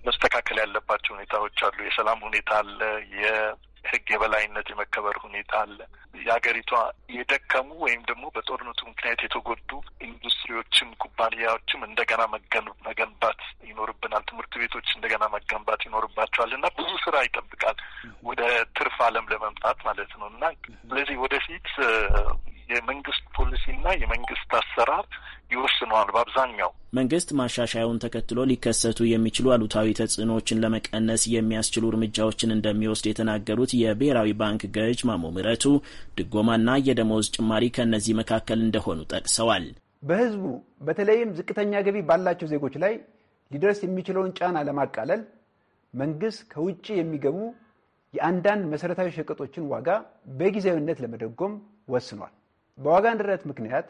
መስተካከል ያለባቸው ሁኔታዎች አሉ። የሰላም ሁኔታ አለ። የህግ የበላይነት የመከበር ሁኔታ አለ። የሀገሪቷ የደከሙ ወይም ደግሞ በጦርነቱ ምክንያት የተጎዱ ኢንዱስትሪዎችም ኩባንያዎችም እንደገና መገንባት ይኖርብናል። ትምህርት ቤቶች እንደገና መገንባት ይኖርባቸዋል እና ብዙ ስራ ይጠብቃል ወደ ትርፍ ዓለም ለመምጣት ማለት ነው እና ስለዚህ ወደፊት የመንግስት ፖሊሲና የመንግስት አሰራር ይወስነዋል። በአብዛኛው መንግስት ማሻሻያውን ተከትሎ ሊከሰቱ የሚችሉ አሉታዊ ተጽዕኖዎችን ለመቀነስ የሚያስችሉ እርምጃዎችን እንደሚወስድ የተናገሩት የብሔራዊ ባንክ ገዥ ማሞ ምረቱ ድጎማና የደሞዝ ጭማሪ ከእነዚህ መካከል እንደሆኑ ጠቅሰዋል። በህዝቡ በተለይም ዝቅተኛ ገቢ ባላቸው ዜጎች ላይ ሊደርስ የሚችለውን ጫና ለማቃለል መንግስት ከውጭ የሚገቡ የአንዳንድ መሰረታዊ ሸቀጦችን ዋጋ በጊዜያዊነት ለመደጎም ወስኗል። በዋጋ ንረት ምክንያት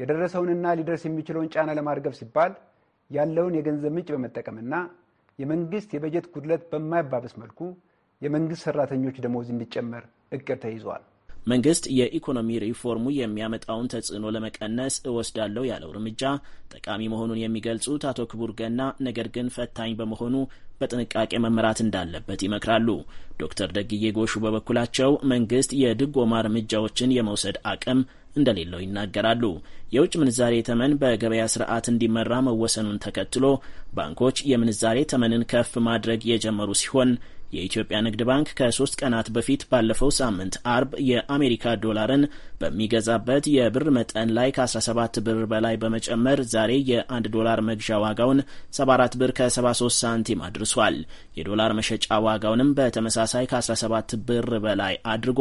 የደረሰውንና ሊደርስ የሚችለውን ጫና ለማርገብ ሲባል ያለውን የገንዘብ ምንጭ በመጠቀምና የመንግስት የበጀት ጉድለት በማያባበስ መልኩ የመንግስት ሰራተኞች ደሞዝ እንዲጨመር እቅድ ተይዟል። መንግስት የኢኮኖሚ ሪፎርሙ የሚያመጣውን ተጽዕኖ ለመቀነስ እወስዳለሁ ያለው እርምጃ ጠቃሚ መሆኑን የሚገልጹት አቶ ክቡር ገና ነገር ግን ፈታኝ በመሆኑ በጥንቃቄ መመራት እንዳለበት ይመክራሉ። ዶክተር ደግዬ ጎሹ በበኩላቸው መንግስት የድጎማ እርምጃዎችን የመውሰድ አቅም እንደሌለው ይናገራሉ። የውጭ ምንዛሬ ተመን በገበያ ስርዓት እንዲመራ መወሰኑን ተከትሎ ባንኮች የምንዛሬ ተመንን ከፍ ማድረግ የጀመሩ ሲሆን የኢትዮጵያ ንግድ ባንክ ከሶስት ቀናት በፊት ባለፈው ሳምንት አርብ የአሜሪካ ዶላርን በሚገዛበት የብር መጠን ላይ ከ17 ብር በላይ በመጨመር ዛሬ የ1 ዶላር መግዣ ዋጋውን 74 ብር ከ73 ሳንቲም አድርሷል። የዶላር መሸጫ ዋጋውንም በተመሳሳይ ከ17 ብር በላይ አድርጎ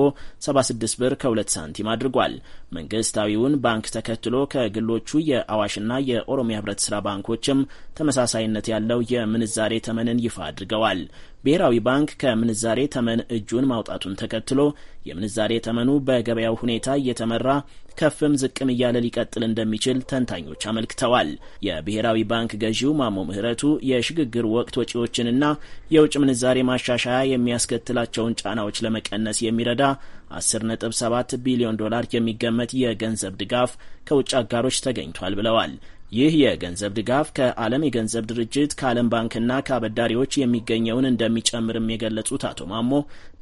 76 ብር ከ2 ሳንቲም አድርጓል። መንግስታዊውን ባንክ ተከትሎ ከግሎቹ የአዋሽና የኦሮሚያ ህብረት ስራ ባንኮችም ተመሳሳይነት ያለው የምንዛሬ ተመንን ይፋ አድርገዋል። ብሔራዊ ባንክ ከምንዛሬ ተመን እጁን ማውጣቱን ተከትሎ የምንዛሬ ተመኑ በገበያው ሁኔታ እየተመራ ከፍም ዝቅም እያለ ሊቀጥል እንደሚችል ተንታኞች አመልክተዋል። የብሔራዊ ባንክ ገዢው ማሞ ምህረቱ የሽግግር ወቅት ወጪዎችንና የውጭ ምንዛሬ ማሻሻያ የሚያስከትላቸውን ጫናዎች ለመቀነስ የሚረዳ 10.7 ቢሊዮን ዶላር የሚገመት የገንዘብ ድጋፍ ከውጭ አጋሮች ተገኝቷል ብለዋል። ይህ የገንዘብ ድጋፍ ከዓለም የገንዘብ ድርጅት ከዓለም ባንክና ከአበዳሪዎች የሚገኘውን እንደሚጨምርም የገለጹት አቶ ማሞ፣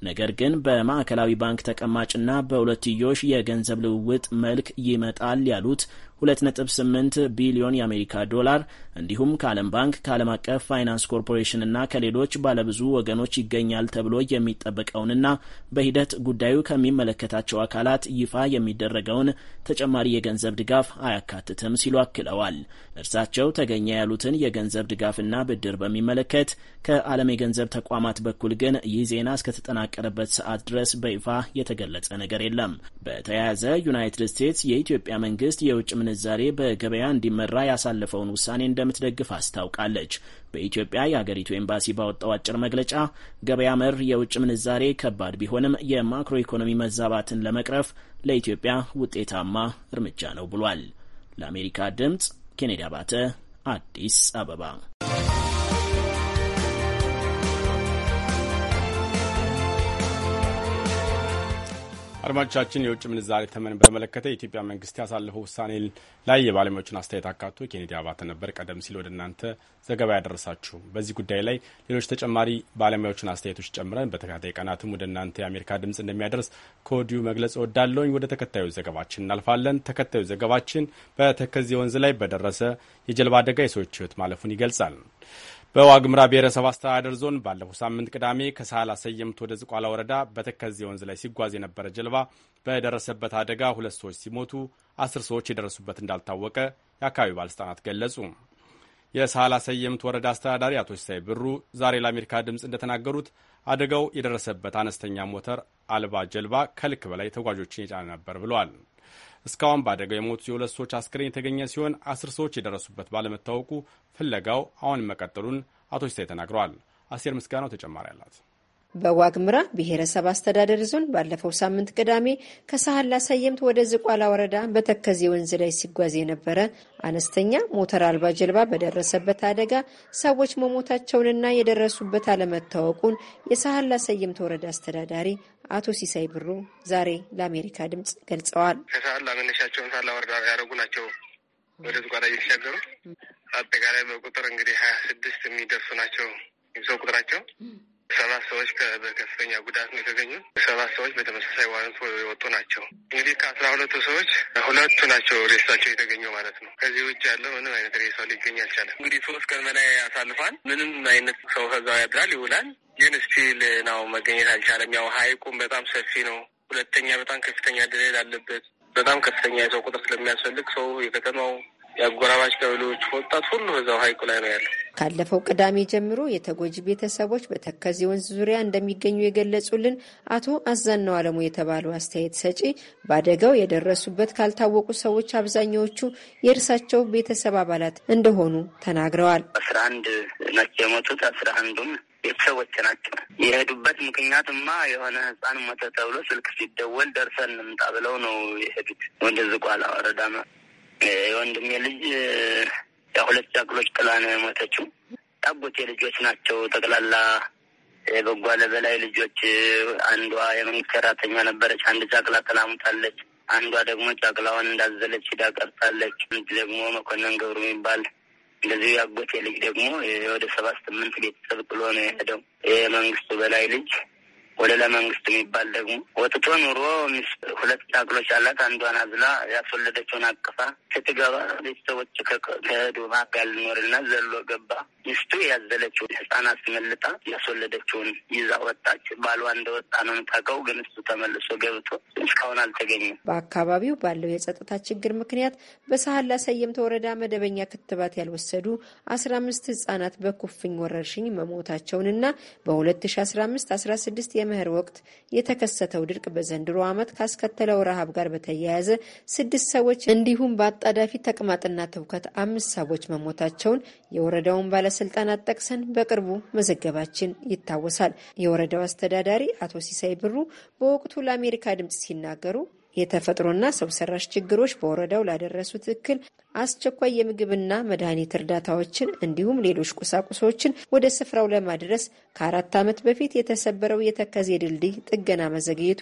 ነገር ግን በማዕከላዊ ባንክ ተቀማጭና በሁለትዮሽ የገንዘብ ልውውጥ መልክ ይመጣል ያሉት 2.8 ቢሊዮን የአሜሪካ ዶላር እንዲሁም ከዓለም ባንክ ከዓለም አቀፍ ፋይናንስ ኮርፖሬሽን እና ከሌሎች ባለብዙ ወገኖች ይገኛል ተብሎ የሚጠበቀውንና በሂደት ጉዳዩ ከሚመለከታቸው አካላት ይፋ የሚደረገውን ተጨማሪ የገንዘብ ድጋፍ አያካትትም ሲሉ አክለዋል። እርሳቸው ተገኘ ያሉትን የገንዘብ ድጋፍና ብድር በሚመለከት ከዓለም የገንዘብ ተቋማት በኩል ግን ይህ ዜና እስከተጠናቀረበት ሰዓት ድረስ በይፋ የተገለጸ ነገር የለም። በተያያዘ ዩናይትድ ስቴትስ የኢትዮጵያ መንግስት የውጭ ምንዛሬ በገበያ እንዲመራ ያሳለፈውን ውሳኔ እንደምትደግፍ አስታውቃለች። በኢትዮጵያ የአገሪቱ ኤምባሲ ባወጣው አጭር መግለጫ ገበያ መር የውጭ ምንዛሬ ከባድ ቢሆንም የማክሮ ኢኮኖሚ መዛባትን ለመቅረፍ ለኢትዮጵያ ውጤታማ እርምጃ ነው ብሏል። ለአሜሪካ ድምጽ ኬኔዲ አባተ አዲስ አበባ አድማጮቻችን የውጭ ምንዛሬ ተመን በተመለከተ የኢትዮጵያ መንግስት ያሳለፈው ውሳኔ ላይ የባለሙያዎችን አስተያየት አካቶ ኬኔዲ አባተ ነበር ቀደም ሲል ወደ እናንተ ዘገባ ያደረሳችሁ። በዚህ ጉዳይ ላይ ሌሎች ተጨማሪ ባለሙያዎችን አስተያየቶች ጨምረን በተከታታይ ቀናትም ወደ እናንተ የአሜሪካ ድምፅ እንደሚያደርስ ከወዲሁ መግለጽ ወዳለውኝ ወደ ተከታዩ ዘገባችን እናልፋለን። ተከታዩ ዘገባችን በተከዜ ወንዝ ላይ በደረሰ የጀልባ አደጋ የሰዎች ህይወት ማለፉን ይገልጻል። በዋግምራ ብሔረሰብ አስተዳደር ዞን ባለፈው ሳምንት ቅዳሜ ከሳላ ሰየምት ወደ ዝቋላ ወረዳ በተከዜ ወንዝ ላይ ሲጓዝ የነበረ ጀልባ በደረሰበት አደጋ ሁለት ሰዎች ሲሞቱ አስር ሰዎች የደረሱበት እንዳልታወቀ የአካባቢው ባለስልጣናት ገለጹ። የሳላ ሰየምት ወረዳ አስተዳዳሪ አቶ ሲሳይ ብሩ ዛሬ ለአሜሪካ ድምፅ እንደተናገሩት አደጋው የደረሰበት አነስተኛ ሞተር አልባ ጀልባ ከልክ በላይ ተጓዦችን የጫነ ነበር ብለዋል። እስካሁን በአደጋው የሞቱ የሁለት ሰዎች አስክሬን የተገኘ ሲሆን አስር ሰዎች የደረሱበት ባለመታወቁ ፍለጋው አሁን መቀጠሉን አቶ ሲሳይ ተናግረዋል። አስቴር ምስጋናው ተጨማሪ አላት። በዋግምራ ብሔረሰብ አስተዳደር ዞን ባለፈው ሳምንት ቅዳሜ ከሳህላ ሰየምት ወደ ዝቋላ ወረዳ በተከዜ ወንዝ ላይ ሲጓዝ የነበረ አነስተኛ ሞተር አልባ ጀልባ በደረሰበት አደጋ ሰዎች መሞታቸውንና የደረሱበት አለመታወቁን የሳህላ ሰየምት ወረዳ አስተዳዳሪ አቶ ሲሳይ ብሩ ዛሬ ለአሜሪካ ድምጽ ገልጸዋል። ከሳህላ መነሻቸውን ሳህላ ወረዳ ያደረጉ ናቸው ወደ ዝቋላ እየተሻገሩ አጠቃላይ በቁጥር እንግዲህ ሀያ ስድስት የሚደርሱ ናቸው የሰው ቁጥራቸው ሰባት ሰዎች በከፍተኛ ጉዳት ነው የተገኙ። ሰባት ሰዎች በተመሳሳይ ዋረንት የወጡ ናቸው። እንግዲህ ከአስራ ሁለቱ ሰዎች ሁለቱ ናቸው ሬሳቸው የተገኘው ማለት ነው። ከዚህ ውጭ ያለው ምንም አይነት ሬሳ ሊገኝ አልቻለም። እንግዲህ ሶስት ቀን በላይ ያሳልፋል። ምንም አይነት ሰው ከዛው ያድራል ይውላል። ግን ስቲል ናው መገኘት አልቻለም። ያው ሀይቁም በጣም ሰፊ ነው። ሁለተኛ በጣም ከፍተኛ ድሬል አለበት። በጣም ከፍተኛ የሰው ቁጥር ስለሚያስፈልግ ሰው የከተማው የአጎራባች ቀበሌዎች ወጣት ሁሉ እዛው ሀይቁ ላይ ነው ያለው። ካለፈው ቅዳሜ ጀምሮ የተጎጂ ቤተሰቦች በተከዜ ወንዝ ዙሪያ እንደሚገኙ የገለጹልን አቶ አዛናው አለሙ የተባሉ አስተያየት ሰጪ በአደጋው የደረሱበት ካልታወቁ ሰዎች አብዛኛዎቹ የእርሳቸው ቤተሰብ አባላት እንደሆኑ ተናግረዋል። አስራ አንድ ናቸው የሞቱት። አስራ አንዱም ቤተሰቦች ናቸው። የሄዱበት ምክንያትማ የሆነ ሕፃን ሞተ ተብሎ ስልክ ሲደወል ደርሰን እንምጣ ብለው ነው የሄዱት ወደ ዝቋላ ወረዳ የወንድሜ ልጅ ሁለት ጫቅሎች ነው የሞተችው ጣቦት ልጆች ናቸው ጠቅላላ የበጓለ በላይ ልጆች። አንዷ የመንግስት ሰራተኛ ነበረች። አንድ ጫቅላ ጥላ ሞታለች። አንዷ ደግሞ ጫቅላዋን እንዳዘለች ሂዳ ቀርታለች። ደግሞ መኮንን ገብሩ የሚባል እንደዚሁ ያጎቴ ልጅ ደግሞ ወደ ሰባ ስምንት ቤተሰብ ጥሎ ነው የሄደው። የመንግስቱ በላይ ልጅ ወለላ መንግስት የሚባል ደግሞ ወጥቶ ኑሮ ሁለት አቅሎች አላት። አንዷን አዝላ ያስወለደችውን አቅፋ ስትገባ ቤተሰቦች ከሄዱ መካከል ልኖርና ዘሎ ገባ። ሚስቱ ያዘለችው ህጻናት መልጣ ያስወለደችውን ይዛ ወጣች። ባሏ እንደወጣ ነው የምታውቀው፣ ግን እሱ ተመልሶ ገብቶ እስካሁን አልተገኘም። በአካባቢው ባለው የጸጥታ ችግር ምክንያት በሳህላ ሰየምተ ወረዳ መደበኛ ክትባት ያልወሰዱ አስራ አምስት ህጻናት በኩፍኝ ወረርሽኝ መሞታቸውንና በሁለት ሺ አስራ አምስት አስራ ስድስት የመኸር ወቅት የተከሰተው ድርቅ በዘንድሮ ዓመት ካስከተለው ረሃብ ጋር በተያያዘ ስድስት ሰዎች እንዲሁም በአጣዳፊ ተቅማጥና ትውከት አምስት ሰዎች መሞታቸውን የወረዳውን ባለስልጣናት ጠቅሰን በቅርቡ መዘገባችን ይታወሳል። የወረዳው አስተዳዳሪ አቶ ሲሳይ ብሩ በወቅቱ ለአሜሪካ ድምጽ ሲናገሩ የተፈጥሮና ሰው ሰራሽ ችግሮች በወረዳው ላደረሱት እክል አስቸኳይ የምግብና መድኃኒት እርዳታዎችን እንዲሁም ሌሎች ቁሳቁሶችን ወደ ስፍራው ለማድረስ ከአራት ዓመት በፊት የተሰበረው የተከዜ ድልድይ ጥገና መዘግየቱ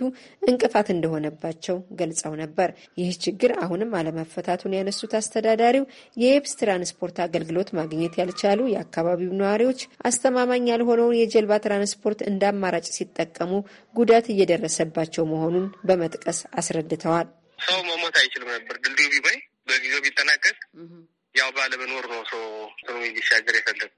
እንቅፋት እንደሆነባቸው ገልጸው ነበር። ይህ ችግር አሁንም አለመፈታቱን ያነሱት አስተዳዳሪው የየብስ ትራንስፖርት አገልግሎት ማግኘት ያልቻሉ የአካባቢው ነዋሪዎች አስተማማኝ ያልሆነውን የጀልባ ትራንስፖርት እንደ አማራጭ ሲጠቀሙ ጉዳት እየደረሰባቸው መሆኑን በመጥቀስ አስረ አስረድተዋል። ሰው መሞት አይችልም ነበር ድልድዩ ቢባይ በጊዜው ቢጠናቀቅ ያው ባለመኖር ነው ሰው ስሩ እንዲሻገር የፈለግ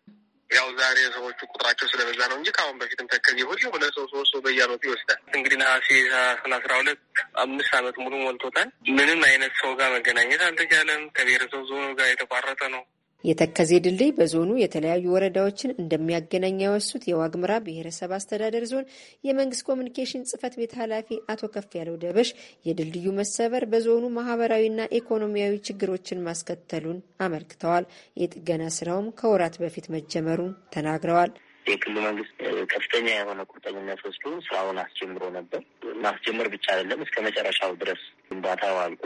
ያው ዛሬ ሰዎቹ ቁጥራቸው ስለበዛ ነው እንጂ ከአሁን በፊትም ተከዜ ሁሌ ሁለ ሰው ሶስት ሰው በያኖት ይወስዳል። እንግዲህ ነሐሴ አስራ አስራ ሁለት አምስት አመት ሙሉ ሞልቶታል። ምንም አይነት ሰው ጋር መገናኘት አልተቻለም። ከብሔረሰብ ዞኑ ጋር የተቋረጠ ነው። የተከዜ ድልድይ በዞኑ የተለያዩ ወረዳዎችን እንደሚያገናኝ ያወሱት የዋግምራ ብሔረሰብ አስተዳደር ዞን የመንግስት ኮሚኒኬሽን ጽህፈት ቤት ኃላፊ አቶ ከፍ ያለው ደበሽ የድልድዩ መሰበር በዞኑ ማህበራዊና ኢኮኖሚያዊ ችግሮችን ማስከተሉን አመልክተዋል። የጥገና ስራውም ከወራት በፊት መጀመሩን ተናግረዋል። የክልሉ መንግስት ከፍተኛ የሆነ ቁርጠኝነት ወስዶ ስራውን አስጀምሮ ነበር። ማስጀመር ብቻ አይደለም እስከ መጨረሻው ድረስ ግንባታው አልቆ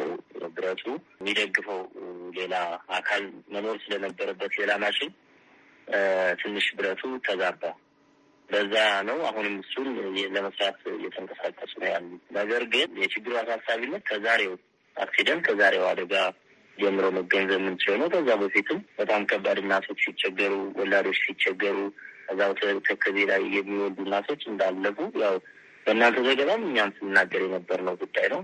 ብረቱ የሚደግፈው ሌላ አካል መኖር ስለነበረበት ሌላ ማሽን ትንሽ ብረቱ ተዛባ። በዛ ነው አሁንም እሱን ለመስራት እየተንቀሳቀሱ ነው ያሉ። ነገር ግን የችግሩ አሳሳቢነት ከዛሬው አክሲደንት ከዛሬው አደጋ ጀምሮ መገንዘብ የምንችለው ነው። ከዛ በፊትም በጣም ከባድ እናቶች ሲቸገሩ፣ ወላዶች ሲቸገሩ ከዛ ተከዜ ላይ የሚወዱ እናቶች እንዳለፉ ያው በእናንተ ዘገባም እኛም ስንናገር የነበር ነው ጉዳይ ነው።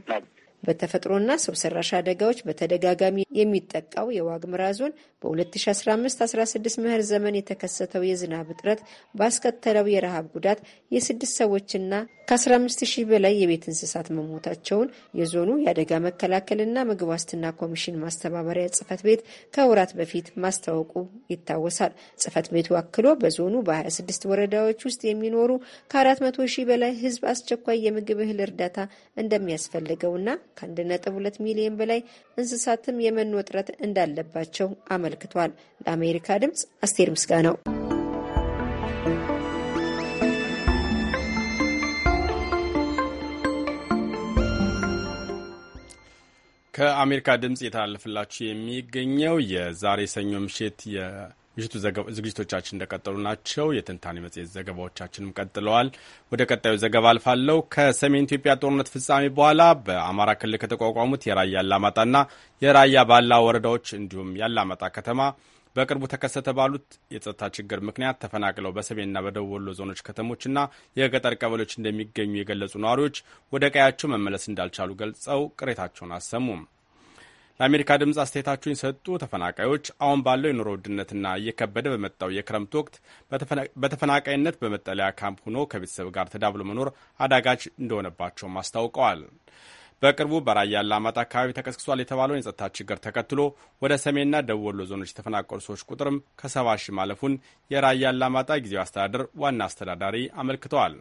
በተፈጥሮና ሰው ሰራሽ አደጋዎች በተደጋጋሚ የሚጠቃው የዋግምራ ዞን በ2015/16 ምህር ዘመን የተከሰተው የዝናብ እጥረት ባስከተለው የረሃብ ጉዳት የስድስት ሰዎችና ከ15000 በላይ የቤት እንስሳት መሞታቸውን የዞኑ የአደጋ መከላከልና ምግብ ዋስትና ኮሚሽን ማስተባበሪያ ጽፈት ቤት ከወራት በፊት ማስታወቁ ይታወሳል። ጽህፈት ቤቱ አክሎ በዞኑ በ26 ወረዳዎች ውስጥ የሚኖሩ ከ400 ሺህ በላይ ህዝብ አስቸኳይ የምግብ እህል እርዳታ እንደሚያስፈልገውና ከ1.2 ሚሊዮን በላይ እንስሳትም የመኖ እጥረት እንዳለባቸው አመልክቷል። ለአሜሪካ ድምፅ አስቴር ምስጋ ነው። ከአሜሪካ ድምፅ የተላለፈላችሁ የሚገኘው የዛሬ ሰኞ ምሽት ምሽቱ ዝግጅቶቻችን እንደቀጠሉ ናቸው። የትንታኔ መጽሔት ዘገባዎቻችንም ቀጥለዋል። ወደ ቀጣዩ ዘገባ አልፋለሁ። ከሰሜን ኢትዮጵያ ጦርነት ፍጻሜ በኋላ በአማራ ክልል ከተቋቋሙት የራያ አላማጣና የራያ ባላ ወረዳዎች እንዲሁም የአላማጣ ከተማ በቅርቡ ተከሰተ ባሉት የጸጥታ ችግር ምክንያት ተፈናቅለው በሰሜንና በደቡብ ወሎ ዞኖች ከተሞችና የገጠር ቀበሌዎች እንደሚገኙ የገለጹ ነዋሪዎች ወደ ቀያቸው መመለስ እንዳልቻሉ ገልጸው ቅሬታቸውን አሰሙም። ለአሜሪካ ድምፅ አስተያየታቸውን የሰጡ ተፈናቃዮች አሁን ባለው የኑሮ ውድነትና እየከበደ በመጣው የክረምት ወቅት በተፈናቃይነት በመጠለያ ካምፕ ሆኖ ከቤተሰብ ጋር ተዳብሎ መኖር አዳጋች እንደሆነባቸውም አስታውቀዋል። በቅርቡ በራያ አላማጣ አካባቢ ተቀስቅሷል የተባለውን የጸጥታ ችግር ተከትሎ ወደ ሰሜንና ደቡብ ወሎ ዞኖች የተፈናቀሉ ሰዎች ቁጥርም ከሰባ ሺህ ማለፉን የራያ አላማጣ ጊዜያዊ አስተዳደር ዋና አስተዳዳሪ አመልክተዋል።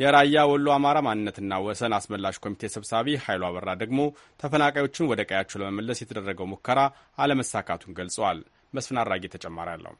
የራያ ወሎ አማራ ማንነትና ወሰን አስመላሽ ኮሚቴ ሰብሳቢ ኃይሉ አበራ ደግሞ ተፈናቃዮችን ወደ ቀያቸው ለመመለስ የተደረገው ሙከራ አለመሳካቱን ገልጸዋል። መስፍን አራጌ ተጨማሪ አለው።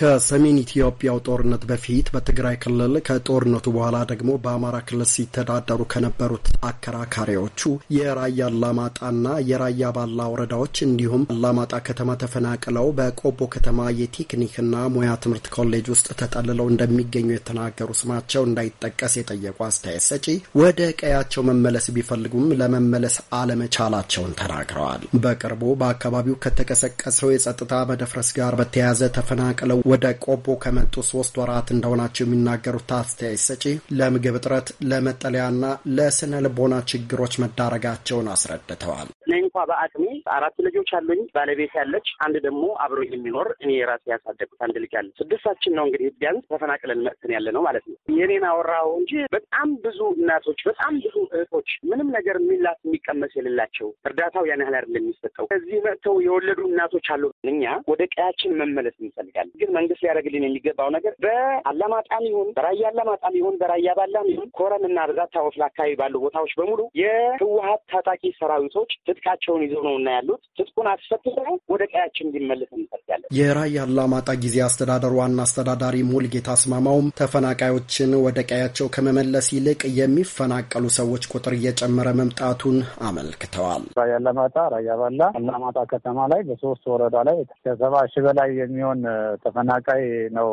ከሰሜን ኢትዮጵያው ጦርነት በፊት በትግራይ ክልል ከጦርነቱ በኋላ ደግሞ በአማራ ክልል ሲተዳደሩ ከነበሩት አከራካሪዎቹ የራያ አላማጣና የራያ ባላ ወረዳዎች እንዲሁም አላማጣ ከተማ ተፈናቅለው በቆቦ ከተማ የቴክኒክና ሙያ ትምህርት ኮሌጅ ውስጥ ተጠልለው እንደሚገኙ የተናገሩ ስማቸው እንዳይጠቀስ የጠየቁ አስተያየት ሰጪ ወደ ቀያቸው መመለስ ቢፈልጉም ለመመለስ አለመቻላቸውን ተናግረዋል። በቅርቡ በአካባቢው ከተቀሰቀሰው የጸጥታ መደፍረስ ጋር በተያያዘ ተፈናቅለው ወደ ቆቦ ከመጡ ሶስት ወራት እንደሆናቸው የሚናገሩት አስተያየት ሰጪ ለምግብ እጥረት፣ ለመጠለያና ለስነ ልቦና ችግሮች መዳረጋቸውን አስረድተዋል። እኔ እንኳ በአቅሜ አራት ልጆች አሉኝ፣ ባለቤት ያለች፣ አንድ ደግሞ አብሮ የሚኖር እኔ የራሴ ያሳደጉት አንድ ልጅ አለ። ስድስታችን ነው እንግዲህ ቢያንስ ተፈናቅለን መጥተን ያለ ነው ማለት ነው። የኔን አወራው እንጂ በጣም ብዙ እናቶች፣ በጣም ብዙ እህቶች ምንም ነገር የሚላት የሚቀመስ የሌላቸው እርዳታው ያን ያህል አይደለም የሚሰጠው። እዚህ መጥተው የወለዱ እናቶች አሉ። እኛ ወደ ቀያችን መመለስ እንፈልጋለን፣ ግን መንግስት ሊያደርግልን የሚገባው ነገር በአላማጣም ይሁን በራያ አላማጣም ይሁን በራያ ባላም ይሁን ኮረም እና ርዛታ ወፍላ አካባቢ ባሉ ቦታዎች በሙሉ የህወሀት ታጣቂ ሰራዊቶች ትጥቃቸውን ይዘው ነው እና ያሉት ትጥቁን አስፈትተው ወደ ቀያችን እንዲመለስ እንፈልጋለን። የራያ አላማጣ ጊዜ አስተዳደር ዋና አስተዳዳሪ ሙልጌታ አስማማውም ተፈናቃዮችን ወደ ቀያቸው ከመመለስ ይልቅ የሚፈናቀሉ ሰዎች ቁጥር እየጨመረ መምጣቱን አመልክተዋል። ራያ አላማጣ፣ ራያ ባላ፣ አላማጣ ከተማ ላይ በሶስት ወረዳ ላይ ከሰባ ሺህ በላይ የሚሆን ተፈ ተፈናቃይ ነው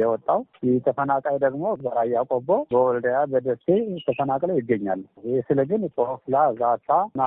የወጣው። ይህ ተፈናቃይ ደግሞ በራያ ቆቦ፣ በወልዲያ፣ በደሴ ተፈናቅለው ይገኛሉ። ስለ ግን ጦፍላ፣ ዛታ እና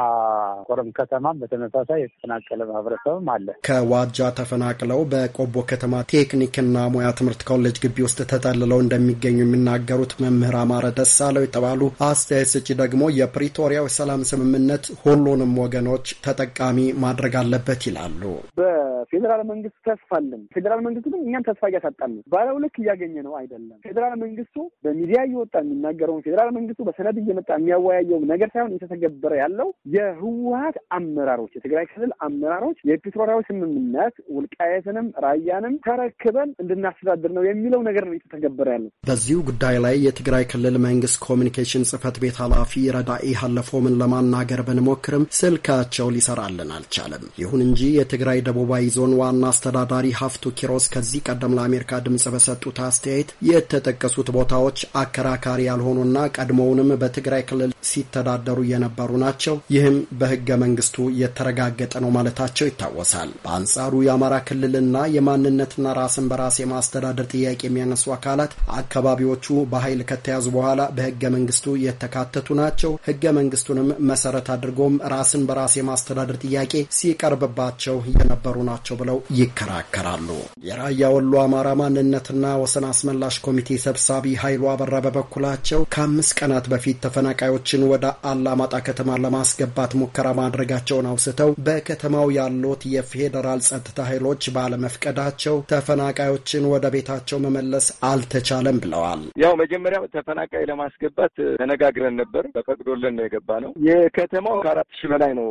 ቆረም ከተማም በተመሳሳይ የተፈናቀለ ማህበረሰብም አለ። ከዋጃ ተፈናቅለው በቆቦ ከተማ ቴክኒክና ሙያ ትምህርት ኮሌጅ ግቢ ውስጥ ተጠልለው እንደሚገኙ የሚናገሩት መምህር አማረ ደሳለው የተባሉ አስተያየት ሰጪ ደግሞ የፕሪቶሪያው የሰላም ስምምነት ሁሉንም ወገኖች ተጠቃሚ ማድረግ አለበት ይላሉ። በፌዴራል መንግስት ተስፋለን ፌዴራል መንግስት ድርጅቱም እኛም ተስፋ እያሳጣን ነው። ባለው ልክ እያገኘ ነው አይደለም። ፌዴራል መንግስቱ በሚዲያ እየወጣ የሚናገረውን ፌዴራል መንግስቱ በሰነድ እየመጣ የሚያወያየውም ነገር ሳይሆን እየተተገበረ ያለው የህወሀት አመራሮች፣ የትግራይ ክልል አመራሮች የፕሪቶሪያው ስምምነት ውልቃየትንም ራያንም ተረክበን እንድናስተዳድር ነው የሚለው ነገር ነው እየተተገበረ ያለው። በዚሁ ጉዳይ ላይ የትግራይ ክልል መንግስት ኮሚኒኬሽን ጽህፈት ቤት ኃላፊ ረዳኢ ሀለፎምን ለማናገር ብንሞክርም ስልካቸው ሊሰራልን አልቻለም። ይሁን እንጂ የትግራይ ደቡባዊ ዞን ዋና አስተዳዳሪ ሀፍቱ ኪሮስ ከዚህ ቀደም ለአሜሪካ ድምፅ በሰጡት አስተያየት የተጠቀሱት ቦታዎች አከራካሪ ያልሆኑና ቀድሞውንም በትግራይ ክልል ሲተዳደሩ የነበሩ ናቸው፣ ይህም በህገ መንግስቱ የተረጋገጠ ነው ማለታቸው ይታወሳል። በአንጻሩ የአማራ ክልልና የማንነትና ራስን በራስ የማስተዳደር ጥያቄ የሚያነሱ አካላት አካባቢዎቹ በኃይል ከተያዙ በኋላ በህገ መንግስቱ የተካተቱ ናቸው፣ ህገ መንግስቱንም መሰረት አድርጎም ራስን በራስ የማስተዳደር ጥያቄ ሲቀርብባቸው የነበሩ ናቸው ብለው ይከራከራሉ። የራያ ወሎ አማራ ማንነትና ወሰን አስመላሽ ኮሚቴ ሰብሳቢ ኃይሉ አበራ በበኩላቸው ከአምስት ቀናት በፊት ተፈናቃዮችን ወደ አላማጣ ከተማ ለማስገባት ሙከራ ማድረጋቸውን አውስተው በከተማው ያሉት የፌዴራል ጸጥታ ኃይሎች ባለመፍቀዳቸው ተፈናቃዮችን ወደ ቤታቸው መመለስ አልተቻለም ብለዋል። ያው መጀመሪያ ተፈናቃይ ለማስገባት ተነጋግረን ነበር። በፈቅዶልን ነው የገባ ነው። የከተማው ከአራት ሺህ በላይ ነው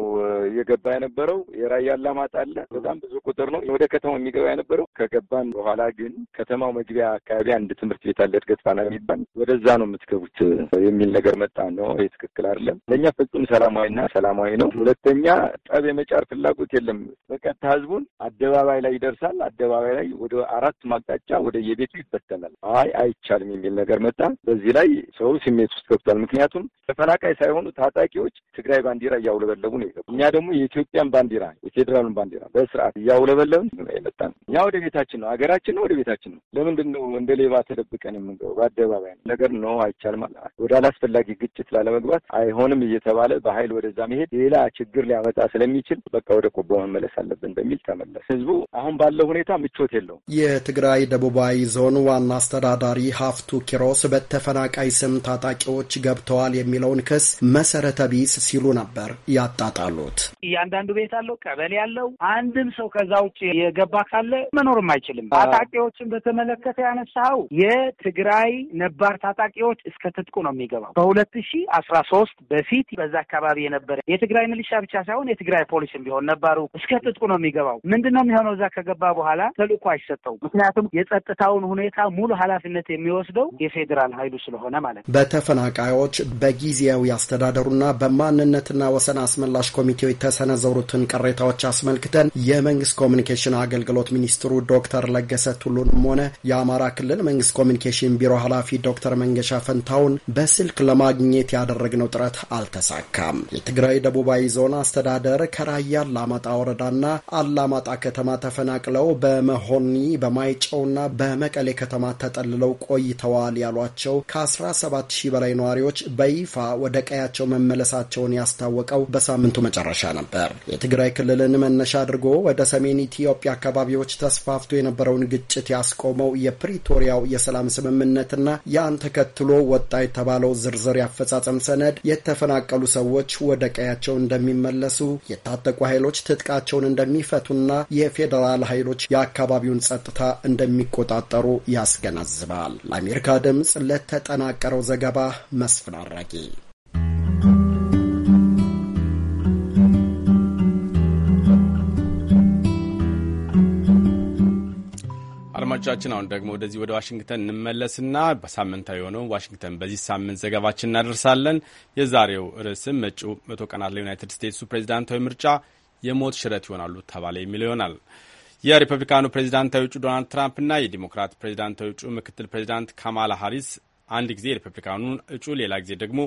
የገባ የነበረው። የራያ አላማጣ አለ። በጣም ብዙ ቁጥር ነው ወደ ከተማው የሚገባ የነበረው ከገ ከገባን በኋላ ግን ከተማው መግቢያ አካባቢ አንድ ትምህርት ቤት አለ፣ እድገት ፋና የሚባል ወደዛ ነው የምትገቡት የሚል ነገር መጣ ነው። ይህ ትክክል አይደለም። ለእኛ ፍጹም ሰላማዊና ሰላማዊ ነው። ሁለተኛ ጠብ የመጫር ፍላጎት የለም። በቀጥታ ህዝቡን አደባባይ ላይ ይደርሳል። አደባባይ ላይ ወደ አራት ማቅጣጫ ወደ የቤቱ ይበተናል። አይ አይቻልም የሚል ነገር መጣ። በዚህ ላይ ሰው ስሜት ውስጥ ገብቷል። ምክንያቱም ተፈናቃይ ሳይሆኑ ታጣቂዎች ትግራይ ባንዲራ እያውለበለቡ ነው የገቡ። እኛ ደግሞ የኢትዮጵያን ባንዲራ የፌዴራሉን ባንዲራ በስርዓት እያውለበለብን የመጣ ነው። እኛ ወደ ቤት ቤታችን ነው፣ ሀገራችን ነው፣ ወደ ቤታችን ነው። ለምንድን ነው እንደ ሌባ ተደብቀን የምንገቡ? በአደባባይ ነው ነገር ነው አይቻልም። አለ። ወደ አላስፈላጊ ግጭት ላለመግባት አይሆንም እየተባለ በሀይል ወደዛ መሄድ ሌላ ችግር ሊያመጣ ስለሚችል በቃ ወደ ቆቦ መመለስ አለብን በሚል ተመለስ። ህዝቡ አሁን ባለው ሁኔታ ምቾት የለውም። የትግራይ ደቡባዊ ዞን ዋና አስተዳዳሪ ሀፍቱ ኪሮስ በተፈናቃይ ስም ታጣቂዎች ገብተዋል የሚለውን ክስ መሰረተ ቢስ ሲሉ ነበር ያጣጣሉት። እያንዳንዱ ቤት አለው፣ ቀበሌ አለው። አንድም ሰው ከዛ ውጭ የገባ ካለ መኖርም ሊሆንም አይችልም። ታጣቂዎችን በተመለከተ ያነሳው የትግራይ ነባር ታጣቂዎች እስከ ትጥቁ ነው የሚገባው። በሁለት ሺ አስራ ሶስት በፊት በዛ አካባቢ የነበረ የትግራይ ሚሊሻ ብቻ ሳይሆን የትግራይ ፖሊስም ቢሆን ነባሩ እስከ ጥጥቁ ነው የሚገባው። ምንድን ነው የሚሆነው? እዛ ከገባ በኋላ ተልእኮ አይሰጠውም። ምክንያቱም የጸጥታውን ሁኔታ ሙሉ ኃላፊነት የሚወስደው የፌዴራል ኃይሉ ስለሆነ ማለት ነው። በተፈናቃዮች በጊዜያዊ አስተዳደሩና በማንነትና ወሰን አስመላሽ ኮሚቴው የተሰነዘሩትን ቅሬታዎች አስመልክተን የመንግስት ኮሚኒኬሽን አገልግሎት ሚኒስትሩ ዶክተር ለገሰ ቱሉንም ሆነ የአማራ ክልል መንግስት ኮሚኒኬሽን ቢሮ ኃላፊ ዶክተር መንገሻ ፈንታውን በስልክ ለማግኘት ያደረግነው ጥረት አልተሳካም። የትግራይ ደቡባዊ ዞን አስተዳደር ከራያ አላማጣ ወረዳና አላማጣ ከተማ ተፈናቅለው በመሆኒ በማይጨውና በመቀሌ ከተማ ተጠልለው ቆይተዋል ያሏቸው ከ17 ሺህ በላይ ነዋሪዎች በይፋ ወደ ቀያቸው መመለሳቸውን ያስታወቀው በሳምንቱ መጨረሻ ነበር። የትግራይ ክልልን መነሻ አድርጎ ወደ ሰሜን ኢትዮጵያ አካባቢዎች ተስፋፍ ተስፋፍቶ የነበረውን ግጭት ያስቆመው የፕሪቶሪያው የሰላም ስምምነትና ያን ተከትሎ ወጣ የተባለው ዝርዝር ያፈጻጸም ሰነድ የተፈናቀሉ ሰዎች ወደ ቀያቸው እንደሚመለሱ፣ የታጠቁ ኃይሎች ትጥቃቸውን እንደሚፈቱና የፌዴራል ኃይሎች የአካባቢውን ጸጥታ እንደሚቆጣጠሩ ያስገነዝባል። ለአሜሪካ ድምፅ ለተጠናቀረው ዘገባ መስፍን አራጌ አድማጮቻችን አሁን ደግሞ ወደዚህ ወደ ዋሽንግተን እንመለስና በሳምንታዊ የሆነው ዋሽንግተን በዚህ ሳምንት ዘገባችን እናደርሳለን። የዛሬው ርዕስም መጪው መቶ ቀናት ለዩናይትድ ስቴትሱ ፕሬዚዳንታዊ ምርጫ የሞት ሽረት ይሆናሉ ተባለ የሚለው ይሆናል። የሪፐብሊካኑ ፕሬዚዳንታዊ እጩ ዶናልድ ትራምፕና የዲሞክራት ፕሬዚዳንታዊ እጩ ምክትል ፕሬዚዳንት ካማላ ሀሪስ አንድ ጊዜ የሪፐብሊካኑን እጩ ሌላ ጊዜ ደግሞ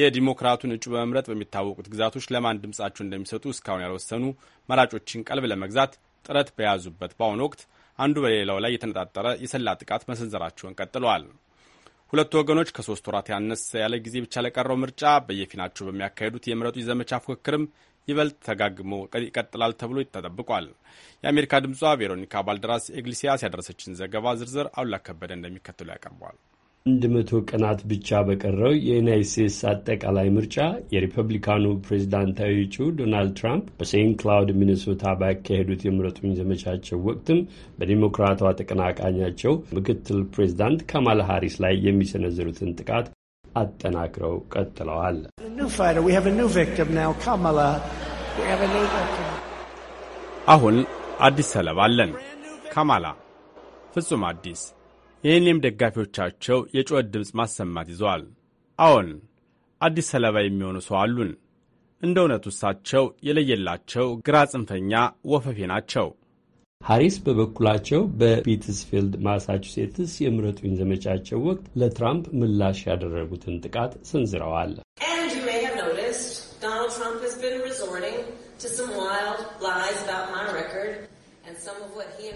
የዲሞክራቱን እጩ በመምረጥ በሚታወቁት ግዛቶች ለማን ድምጻቸው እንደሚሰጡ እስካሁን ያልወሰኑ መራጮችን ቀልብ ለመግዛት ጥረት በያዙበት በአሁኑ ወቅት አንዱ በሌላው ላይ የተነጣጠረ የሰላ ጥቃት መሰንዘራቸውን ቀጥለዋል። ሁለቱ ወገኖች ከሶስት ወራት ያነሰ ያለ ጊዜ ብቻ ለቀረው ምርጫ በየፊናቸው በሚያካሄዱት የምረጡ ዘመቻ ፉክክርም ይበልጥ ተጋግሞ ይቀጥላል ተብሎ ተጠብቋል። የአሜሪካ ድምጿ ቬሮኒካ ባልደራስ ኤግሊሲያስ ያደረሰችን ዘገባ ዝርዝር አሉላ ከበደ እንደሚከተሉ ያቀርበዋል። አንድ መቶ ቀናት ብቻ በቀረው የዩናይት ስቴትስ አጠቃላይ ምርጫ የሪፐብሊካኑ ፕሬዚዳንታዊ እጩ ዶናልድ ትራምፕ በሴንት ክላውድ ሚኒሶታ ባካሄዱት የምረጡኝ ዘመቻቸው ወቅትም በዲሞክራቷ ተቀናቃኛቸው ምክትል ፕሬዚዳንት ካማላ ሃሪስ ላይ የሚሰነዝሩትን ጥቃት አጠናክረው ቀጥለዋል። አሁን አዲስ ሰለባ አለን። ካማላ ፍጹም አዲስ የኔም ደጋፊዎቻቸው የጩኸት ድምፅ ማሰማት ይዘዋል። አዎን አዲስ ሰለባ የሚሆኑ ሰው አሉን። እንደ እውነቱ እሳቸው የለየላቸው ግራ ጽንፈኛ ወፈፌ ናቸው። ሃሪስ በበኩላቸው በፒትስፊልድ ማሳቹሴትስ የምረጡኝ ዘመቻቸው ወቅት ለትራምፕ ምላሽ ያደረጉትን ጥቃት ሰንዝረዋል።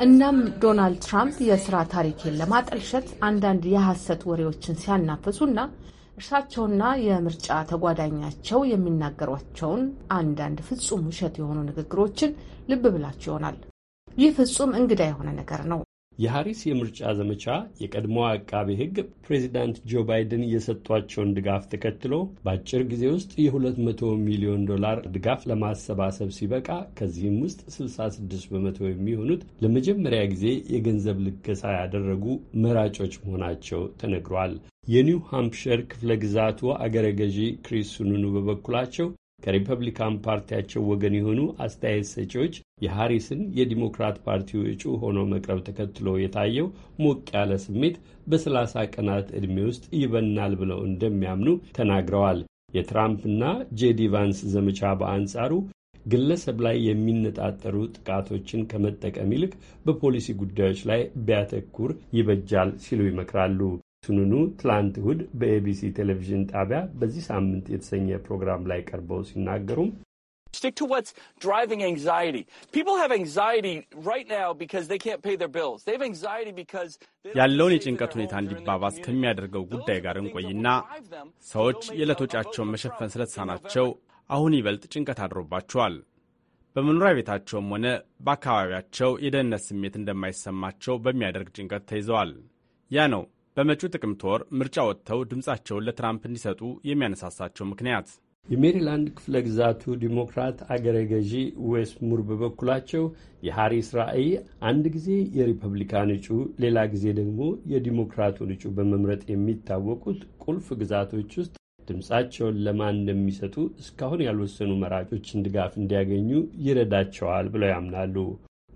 እናም ዶናልድ ትራምፕ የስራ ታሪኬን ለማጠልሸት አንዳንድ የሐሰት ወሬዎችን ሲያናፍሱና እርሳቸውና የምርጫ ተጓዳኛቸው የሚናገሯቸውን አንዳንድ ፍጹም ውሸት የሆኑ ንግግሮችን ልብ ብላችሁ ይሆናል። ይህ ፍጹም እንግዳ የሆነ ነገር ነው። የሐሪስ የምርጫ ዘመቻ የቀድሞ አቃቤ ሕግ ፕሬዚዳንት ጆ ባይደን የሰጧቸውን ድጋፍ ተከትሎ በአጭር ጊዜ ውስጥ የ200 ሚሊዮን ዶላር ድጋፍ ለማሰባሰብ ሲበቃ ከዚህም ውስጥ 66 በመቶ የሚሆኑት ለመጀመሪያ ጊዜ የገንዘብ ልገሳ ያደረጉ መራጮች መሆናቸው ተነግሯል። የኒው ሃምፕሸር ክፍለ ግዛቱ አገረ ገዢ ክሪስ ሱኑኑ በበኩላቸው ከሪፐብሊካን ፓርቲያቸው ወገን የሆኑ አስተያየት ሰጪዎች የሃሪስን የዲሞክራት ፓርቲው እጩ ሆኖ መቅረብ ተከትሎ የታየው ሞቅ ያለ ስሜት በሰላሳ ቀናት ዕድሜ ውስጥ ይበናል ብለው እንደሚያምኑ ተናግረዋል። የትራምፕና ጄዲ ቫንስ ዘመቻ በአንጻሩ ግለሰብ ላይ የሚነጣጠሩ ጥቃቶችን ከመጠቀም ይልቅ በፖሊሲ ጉዳዮች ላይ ቢያተኩር ይበጃል ሲሉ ይመክራሉ። ይህንኑኑ ትላንት እሁድ በኤቢሲ ቴሌቪዥን ጣቢያ በዚህ ሳምንት የተሰኘ ፕሮግራም ላይ ቀርበው ሲናገሩም Stick to what's driving anxiety. People have anxiety right now because they can't pay their bills. They have anxiety because ያለውን የጭንቀት ሁኔታ እንዲባባስ ከሚያደርገው ጉዳይ ጋር እንቆይና ሰዎች የዕለት ወጪያቸውን መሸፈን ስለተሳናቸው አሁን ይበልጥ ጭንቀት አድሮባቸዋል። በመኖሪያ ቤታቸውም ሆነ በአካባቢያቸው የደህንነት ስሜት እንደማይሰማቸው በሚያደርግ ጭንቀት ተይዘዋል። ያ ነው በመጪው ጥቅምት ወር ምርጫ ወጥተው ድምፃቸውን ለትራምፕ እንዲሰጡ የሚያነሳሳቸው ምክንያት የሜሪላንድ ክፍለ ግዛቱ ዲሞክራት አገረ ገዢ ዌስ ሙር በበኩላቸው የሐሪስ ራዕይ አንድ ጊዜ የሪፐብሊካን እጩ ሌላ ጊዜ ደግሞ የዲሞክራቱን እጩ በመምረጥ የሚታወቁት ቁልፍ ግዛቶች ውስጥ ድምፃቸውን ለማን እንደሚሰጡ እስካሁን ያልወሰኑ መራጮችን ድጋፍ እንዲያገኙ ይረዳቸዋል ብለው ያምናሉ።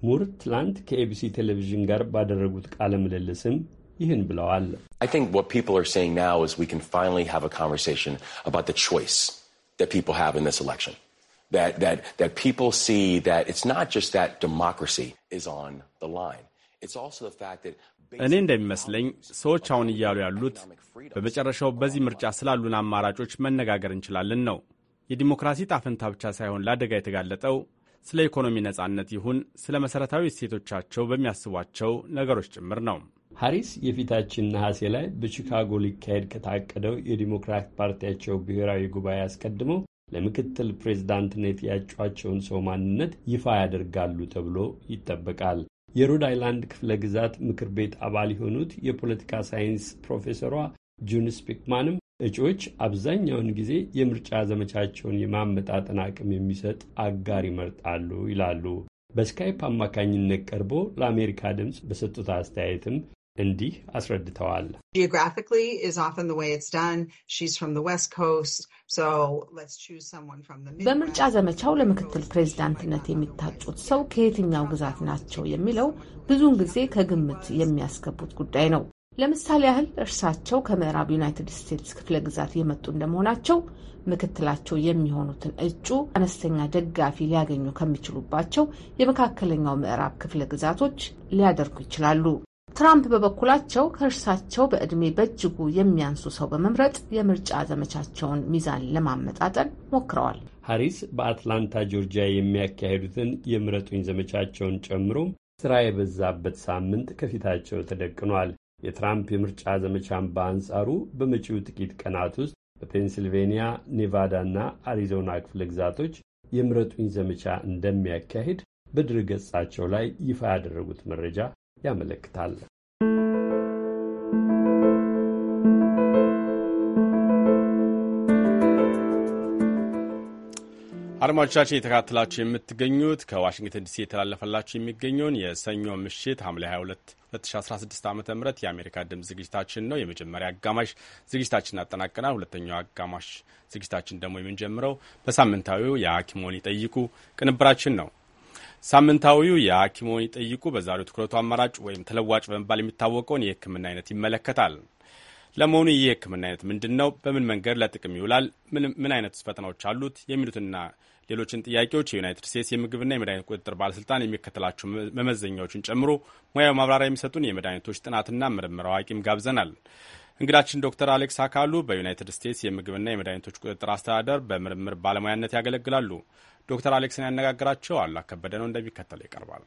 ሙር ትላንት ከኤቢሲ ቴሌቪዥን ጋር ባደረጉት ቃለ ምልልስም ይህን ብለዋል። እኔ እንደሚመስለኝ ሰዎች አሁን እያሉ ያሉት በመጨረሻው በዚህ ምርጫ ስላሉን አማራጮች መነጋገር እንችላለን ነው። የዲሞክራሲ ጣፍንታ ብቻ ሳይሆን ለአደጋ የተጋለጠው ስለ ኢኮኖሚ ነጻነት ይሁን ስለ መሠረታዊ እሴቶቻቸው በሚያስቧቸው ነገሮች ጭምር ነው። ሃሪስ የፊታችን ነሐሴ ላይ በቺካጎ ሊካሄድ ከታቀደው የዲሞክራት ፓርቲያቸው ብሔራዊ ጉባኤ አስቀድመው ለምክትል ፕሬዝዳንትነት ያጯቸውን ሰው ማንነት ይፋ ያደርጋሉ ተብሎ ይጠበቃል። የሮድ አይላንድ ክፍለ ግዛት ምክር ቤት አባል የሆኑት የፖለቲካ ሳይንስ ፕሮፌሰሯ ጁን ስፒክማንም እጩዎች አብዛኛውን ጊዜ የምርጫ ዘመቻቸውን የማመጣጠን አቅም የሚሰጥ አጋር ይመርጣሉ ይላሉ። በስካይፕ አማካኝነት ቀርቦ ለአሜሪካ ድምፅ በሰጡት አስተያየትም እንዲህ አስረድተዋል። በምርጫ ዘመቻው ለምክትል ፕሬዚዳንትነት የሚታጩት ሰው ከየትኛው ግዛት ናቸው የሚለው ብዙውን ጊዜ ከግምት የሚያስገቡት ጉዳይ ነው። ለምሳሌ ያህል እርሳቸው ከምዕራብ ዩናይትድ ስቴትስ ክፍለ ግዛት የመጡ እንደመሆናቸው ምክትላቸው የሚሆኑትን እጩ አነስተኛ ደጋፊ ሊያገኙ ከሚችሉባቸው የመካከለኛው ምዕራብ ክፍለ ግዛቶች ሊያደርጉ ይችላሉ። ትራምፕ በበኩላቸው ከእርሳቸው በዕድሜ በእጅጉ የሚያንሱ ሰው በመምረጥ የምርጫ ዘመቻቸውን ሚዛን ለማመጣጠን ሞክረዋል። ሀሪስ በአትላንታ ጆርጂያ የሚያካሄዱትን የምረጡኝ ዘመቻቸውን ጨምሮ ስራ የበዛበት ሳምንት ከፊታቸው ተደቅኗል። የትራምፕ የምርጫ ዘመቻን በአንጻሩ በመጪው ጥቂት ቀናት ውስጥ በፔንስልቬንያ፣ ኔቫዳ እና አሪዞና ክፍለ ግዛቶች የምረጡኝ ዘመቻ እንደሚያካሂድ በድረ ገጻቸው ላይ ይፋ ያደረጉት መረጃ ያመለክታል። አድማጮቻችን የተከታተላችሁ የምትገኙት ከዋሽንግተን ዲሲ የተላለፈላችሁ የሚገኘውን የሰኞ ምሽት ሐምሌ 22 2016 ዓ ም የአሜሪካ ድምፅ ዝግጅታችን ነው። የመጀመሪያ አጋማሽ ዝግጅታችን አጠናቀናል። ሁለተኛው አጋማሽ ዝግጅታችን ደግሞ የምንጀምረው በሳምንታዊው የሐኪሞን ይጠይቁ ቅንብራችን ነው። ሳምንታዊው የሐኪሞን ይጠይቁ በዛሬው ትኩረቱ አማራጭ ወይም ተለዋጭ በመባል የሚታወቀውን የህክምና አይነት ይመለከታል። ለመሆኑ ይህ የህክምና አይነት ምንድን ነው? በምን መንገድ ለጥቅም ይውላል? ምን አይነት ፈተናዎች አሉት? የሚሉትና ሌሎችን ጥያቄዎች የዩናይትድ ስቴትስ የምግብና የመድኃኒት ቁጥጥር ባለስልጣን የሚከተላቸው መመዘኛዎችን ጨምሮ ሙያዊ ማብራሪያ የሚሰጡን የመድኃኒቶች ጥናትና ምርምር አዋቂም ጋብዘናል። እንግዳችን ዶክተር አሌክስ አካሉ በዩናይትድ ስቴትስ የምግብና የመድኃኒቶች ቁጥጥር አስተዳደር በምርምር ባለሙያነት ያገለግላሉ። ዶክተር አሌክስን ያነጋግራቸው አላ ከበደ ነው እንደሚከተለው ይቀርባል።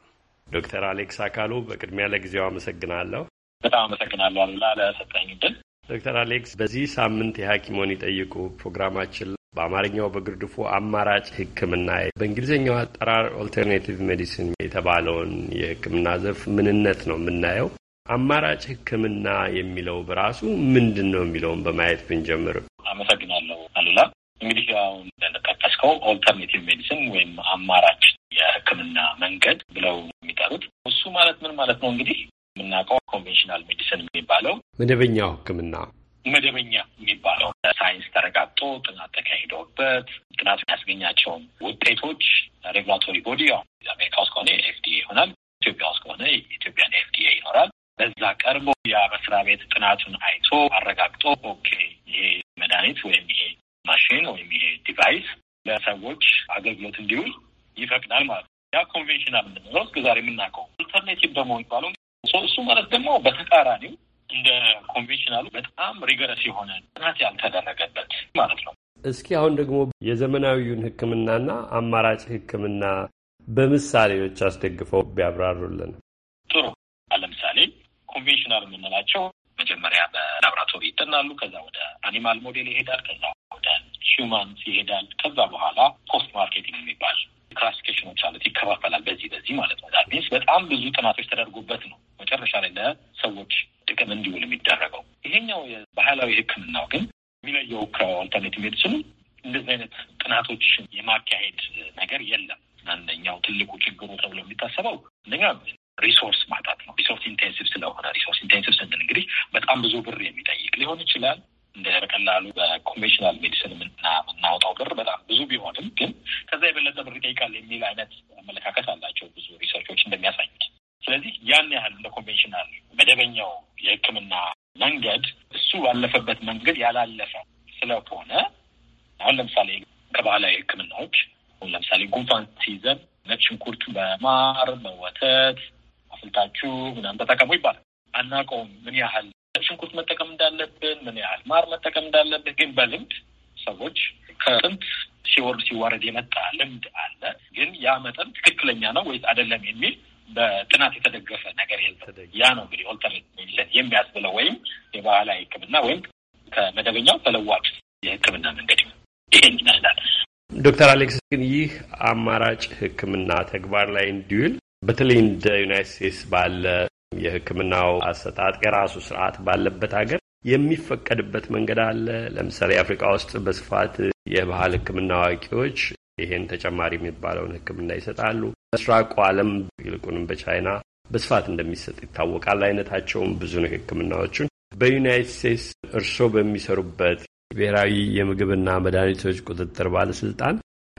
ዶክተር አሌክስ አካሉ በቅድሚያ ለጊዜው አመሰግናለሁ። በጣም አመሰግናለሁ አሉላ ለሰጠኝ ድል። ዶክተር አሌክስ በዚህ ሳምንት የሐኪሞን ይጠይቁ ፕሮግራማችን በአማርኛው በግርድፉ አማራጭ ሕክምና በእንግሊዝኛው አጠራር ኦልተርኔቲቭ ሜዲሲን የተባለውን የሕክምና ዘርፍ ምንነት ነው የምናየው። አማራጭ ሕክምና የሚለው በራሱ ምንድን ነው የሚለውን በማየት ብንጀምር። አመሰግናለሁ አሉላ። እንግዲህ አሁን እንደጠቀስከው ኦልተርኔቲቭ ሜዲሲን ወይም አማራጭ የሕክምና መንገድ ብለው የሚጠሩት እሱ ማለት ምን ማለት ነው? እንግዲህ የምናውቀው ኮንቬንሽናል ሜዲሲን የሚባለው መደበኛው ሕክምና መደበኛ የሚባለው ሳይንስ ተረጋግጦ ጥናት ተካሂደውበት ጥናት ያስገኛቸውን ውጤቶች ሬጉላቶሪ ቦዲ አሜሪካ ውስጥ ከሆነ ኤፍዲኤ ይሆናል። ኢትዮጵያ ውስጥ ከሆነ ኢትዮጵያን ኤፍዲኤ ይኖራል። በዛ ቀርቦ ያ መስሪያ ቤት ጥናቱን አይቶ አረጋግጦ ኦኬ ይሄ መድኃኒት ወይም ይሄ ማሽን ወይም ይሄ ዲቫይስ ለሰዎች አገልግሎት እንዲውል ይፈቅዳል ማለት ነው። ያ ኮንቬንሽናል የምንለው እስከ ዛሬ የምናውቀው አልተርኔቲቭ ደግሞ የሚባለው እሱ ማለት ደግሞ በተቃራኒው እንደ ኮንቬንሽናሉ በጣም ሪገረስ የሆነ ጥናት ያልተደረገበት ማለት ነው። እስኪ አሁን ደግሞ የዘመናዊውን ሕክምናና አማራጭ ሕክምና በምሳሌዎች አስደግፈው ቢያብራሩልን ጥሩ። ለምሳሌ ኮንቬንሽናል የምንላቸው መጀመሪያ በላብራቶሪ ይጠናሉ። ከዛ ወደ አኒማል ሞዴል ይሄዳል። ከዛ ወደ ሂውማንስ ይሄዳል። ከዛ በኋላ ፖስት ማርኬቲንግ የሚባል ክላሲፊኬሽኖች አሉት፣ ይከፋፈላል። በዚህ በዚህ ማለት ነው። ዛት በጣም ብዙ ጥናቶች ተደርጎበት ነው መጨረሻ ላይ ለሰዎች ጥቅም እንዲውል የሚደረገው። ይሄኛው የባህላዊ ሕክምናው ግን የሚለየው ከአልተርኔቲቭ ሜዲሲኑ እንደዚህ አይነት ጥናቶች የማካሄድ ነገር የለም። አንደኛው ትልቁ ችግሩ ተብሎ የሚታሰበው አንደኛ ሪሶርስ ማጣት ነው። ሪሶርስ ኢንቴንሲቭ ስለሆነ ሪሶርስ ኢንቴንሲቭ ስንል እንግዲህ በጣም ብዙ ብር የሚጠይቅ ሊሆን ይችላል። እንደ በቀላሉ በኮንቬንሽናል ሜዲሲን የምናወጣው ብር በጣም ብዙ ቢሆንም ግን ከዛ የበለጠ ብር ይጠይቃል የሚል አይነት አመለካከት አላቸው ብዙ ሪሰርቾች እንደሚያሳዩት። ስለዚህ ያን ያህል እንደ ኮንቬንሽናል መደበኛው የሕክምና መንገድ እሱ ባለፈበት መንገድ ያላለፈ ስለሆነ አሁን ለምሳሌ ከባህላዊ ሕክምናዎች አሁን ለምሳሌ ጉንፋን ሲይዘን ነጭ ሽንኩርት በማር በወተት አፍልታችሁ ምናምን ተጠቀሙ ይባላል። አናውቀውም ምን ያህል ሽንኩርት መጠቀም እንዳለብን፣ ምን ያህል ማር መጠቀም እንዳለብን። ግን በልምድ ሰዎች ከጥንት ሲወርድ ሲዋረድ የመጣ ልምድ አለ። ግን ያ መጠን ትክክለኛ ነው ወይስ አይደለም የሚል በጥናት የተደገፈ ነገር የለም። ያ ነው እንግዲህ ኦልተርኔት ሜዲሲን የሚያስብለው ወይም የባህላዊ ሕክምና ወይም ከመደበኛው ተለዋጭ የሕክምና መንገድ ይሄን ይመስላል። ዶክተር አሌክስ ግን ይህ አማራጭ ሕክምና ተግባር ላይ እንዲውል በተለይ እንደ ዩናይት ስቴትስ ባለ የሕክምናው አሰጣጥ የራሱ ስርዓት ባለበት ሀገር የሚፈቀድበት መንገድ አለ። ለምሳሌ አፍሪካ ውስጥ በስፋት የባህል ሕክምና አዋቂዎች ይሄን ተጨማሪ የሚባለውን ሕክምና ይሰጣሉ። በምስራቁ ዓለም ይልቁንም በቻይና በስፋት እንደሚሰጥ ይታወቃል። አይነታቸውም ብዙ ነው ሕክምናዎቹን በዩናይት ስቴትስ እርስዎ በሚሰሩበት ብሔራዊ የምግብና መድኃኒቶች ቁጥጥር ባለስልጣን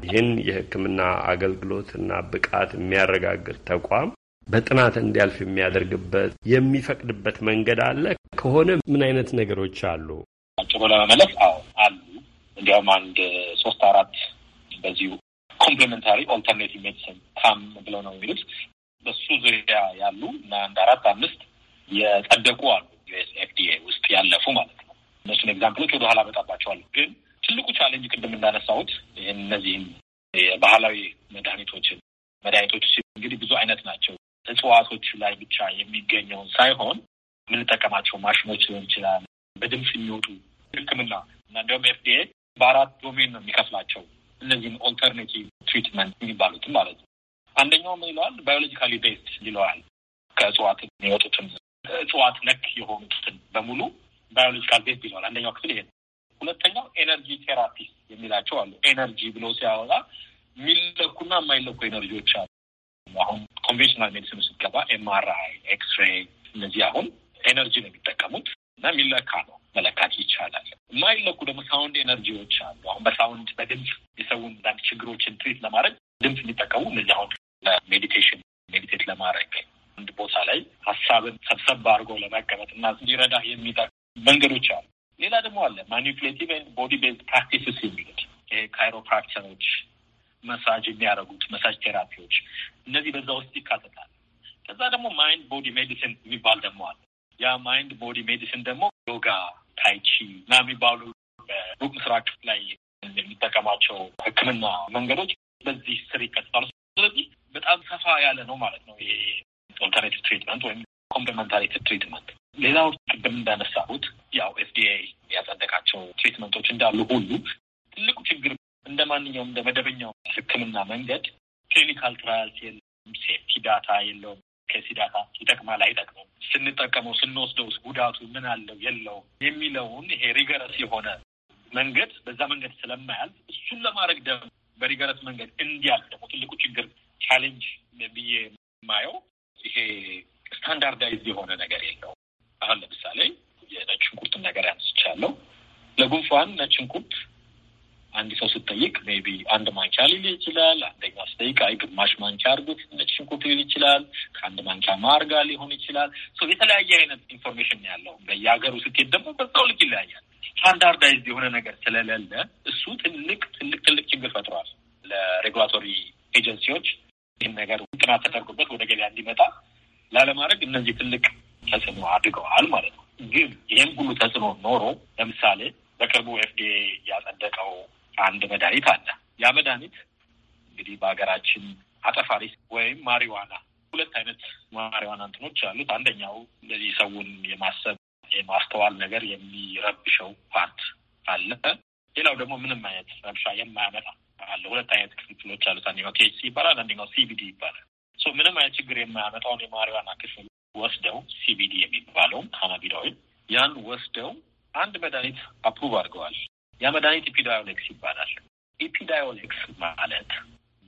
ይህን የሕክምና አገልግሎትና ብቃት የሚያረጋግጥ ተቋም በጥናት እንዲያልፍ የሚያደርግበት የሚፈቅድበት መንገድ አለ? ከሆነ ምን አይነት ነገሮች አሉ? አጭሮ ለመመለስ አዎ አሉ። እንዲያውም አንድ ሶስት አራት በዚሁ ኮምፕሊመንታሪ ኦልተርኔቲቭ ሜዲሲን ካም ብለው ነው የሚሉት በሱ ዙሪያ ያሉ እና አንድ አራት አምስት የጸደቁ አሉ ዩኤስ ኤፍዲኤ ውስጥ ያለፉ ማለት ነው። እነሱን ኤግዛምፕሎች ወደ ኋላ መጣባቸዋል ግን ትልቁ ቻሌንጅ ቅድም እንዳነሳሁት እነዚህም የባህላዊ መድኃኒቶችን መድኃኒቶች እንግዲህ ብዙ አይነት ናቸው። እጽዋቶች ላይ ብቻ የሚገኘውን ሳይሆን የምንጠቀማቸው ማሽኖች ሊሆን ይችላል፣ በድምፅ የሚወጡ ሕክምና እና እንዲሁም ኤፍዲኤ በአራት ዶሜን ነው የሚከፍላቸው እነዚህን ኦልተርኔቲቭ ትሪትመንት የሚባሉትም ማለት ነው። አንደኛው ምን ይለዋል? ባዮሎጂካሊ ቤስት ይለዋል። ከእጽዋት የሚወጡትን እጽዋት ነክ የሆኑትን በሙሉ ባዮሎጂካል ቤስት ይለዋል። አንደኛው ክፍል ይሄ ነው። ሁለተኛው ኤነርጂ ቴራፒ የሚላቸው አሉ። ኤነርጂ ብሎ ሲያወጣ የሚለኩና የማይለኩ ኤነርጂዎች አሉ። አሁን ኮንቬንሽናል ሜዲሲን ስትገባ ኤምአርአይ፣ ኤክስሬይ እነዚህ አሁን ኤነርጂ ነው የሚጠቀሙት እና የሚለካ ነው መለካት ይቻላል። የማይለኩ ደግሞ ሳውንድ ኤነርጂዎች አሉ። አሁን በሳውንድ በድምፅ የሰውን አንዳንድ ችግሮችን ትሪት ለማድረግ ድምፅ የሚጠቀሙ እነዚህ አሁን ለሜዲቴሽን ሜዲቴት ለማድረግ አንድ ቦታ ላይ ሀሳብን ሰብሰብ አድርጎ ለመቀመጥ እና እንዲረዳህ የሚጠቅ መንገዶች አሉ። ሌላ ደግሞ አለ ማኒፕሌቲቭ ኤንድ ቦዲ ቤዝድ ፕራክቲስስ የሚሉት ካይሮፕራክቸሮች፣ መሳጅ የሚያደርጉት መሳጅ ቴራፒዎች፣ እነዚህ በዛ ውስጥ ይካተታል። ከዛ ደግሞ ማይንድ ቦዲ ሜዲሲን የሚባል ደግሞ አለ። ያ ማይንድ ቦዲ ሜዲሲን ደግሞ ዮጋ፣ ታይቺ እና የሚባሉ በሩቅ ምስራቅ ላይ የሚጠቀማቸው ሕክምና መንገዶች በዚህ ስር ይከተታሉ። ስለዚህ በጣም ሰፋ ያለ ነው ማለት ነው ይሄ ኦልተርኔቲቭ ትሪትመንት ወይም ኮምፕሊመንታሪ ትሪትመንት። ሌላው ቅድም እንዳነሳሁት ያው ኤፍዲኤ ያጸደቃቸው ትሪትመንቶች እንዳሉ ሁሉ ትልቁ ችግር እንደ ማንኛውም እንደ መደበኛው ሕክምና መንገድ ክሊኒካል ትራያልስ የለም፣ ሴፍቲ ዳታ የለውም። ከሲ ዳታ ይጠቅማል አይጠቅምም፣ ስንጠቀመው ስንወስደውስ ጉዳቱ ምን አለው የለውም የሚለውን ይሄ ሪገረስ የሆነ መንገድ በዛ መንገድ ስለማያልፍ እሱን ለማድረግ ደ በሪገረስ መንገድ እንዲያልፍ ደግሞ ትልቁ ችግር ቻሌንጅ ብዬ የማየው ይሄ ስታንዳርዳይዝ የሆነ ነገር የለውም። አሁን ለምሳሌ የነጭ ሽንኩርትን ነገር ያለው ለጉንፋን ነጭ ሽንኩርት አንድ ሰው ስጠይቅ ሜይ ቢ አንድ ማንኪያ ሊል ይችላል። አንደኛ ስጠይቅ አይ ግማሽ ማንኪያ አርጉት ነጭ ሽንኩርት ሊል ይችላል። ከአንድ ማንኪያ ማርጋ ሊሆን ይችላል። የተለያየ አይነት ኢንፎርሜሽን ያለው በየሀገሩ ስትሄድ ደግሞ በዛው ልክ ይለያያል። ስታንዳርዳይዝ የሆነ ነገር ስለሌለ እሱ ትልቅ ትልቅ ትልቅ ችግር ፈጥሯል። ለሬጉላቶሪ ኤጀንሲዎች ይህን ነገር ጥናት ተደርጎበት ወደ ገበያ እንዲመጣ ላለማድረግ እነዚህ ትልቅ ተጽዕኖ አድርገዋል ማለት ነው። ግን ይህም ሁሉ ተጽዕኖ ኖሮ ለምሳሌ በቅርቡ ኤፍዲኤ ያጸደቀው አንድ መድኃኒት አለ። ያ መድኃኒት እንግዲህ በሀገራችን አጠፋሪስ ወይም ማሪዋና፣ ሁለት አይነት ማሪዋና እንትኖች አሉት። አንደኛው እንደዚህ ሰውን የማሰብ የማስተዋል ነገር የሚረብሸው ፓርት አለ። ሌላው ደግሞ ምንም አይነት ረብሻ የማያመጣ አለ። ሁለት አይነት ክፍፍሎች አሉት። አንደኛው ቲኤችሲ ይባላል፣ አንደኛው ሲቢዲ ይባላል። ምንም አይነት ችግር የማያመጣውን የማሪዋና ክፍል ወስደው ሲቢዲ የሚባለውም ካናቢዳዊል ያን ወስደው አንድ መድኃኒት አፕሩቭ አድርገዋል። ያ መድኃኒት ኢፒዳዮሌክስ ይባላል። ኢፒዳዮሌክስ ማለት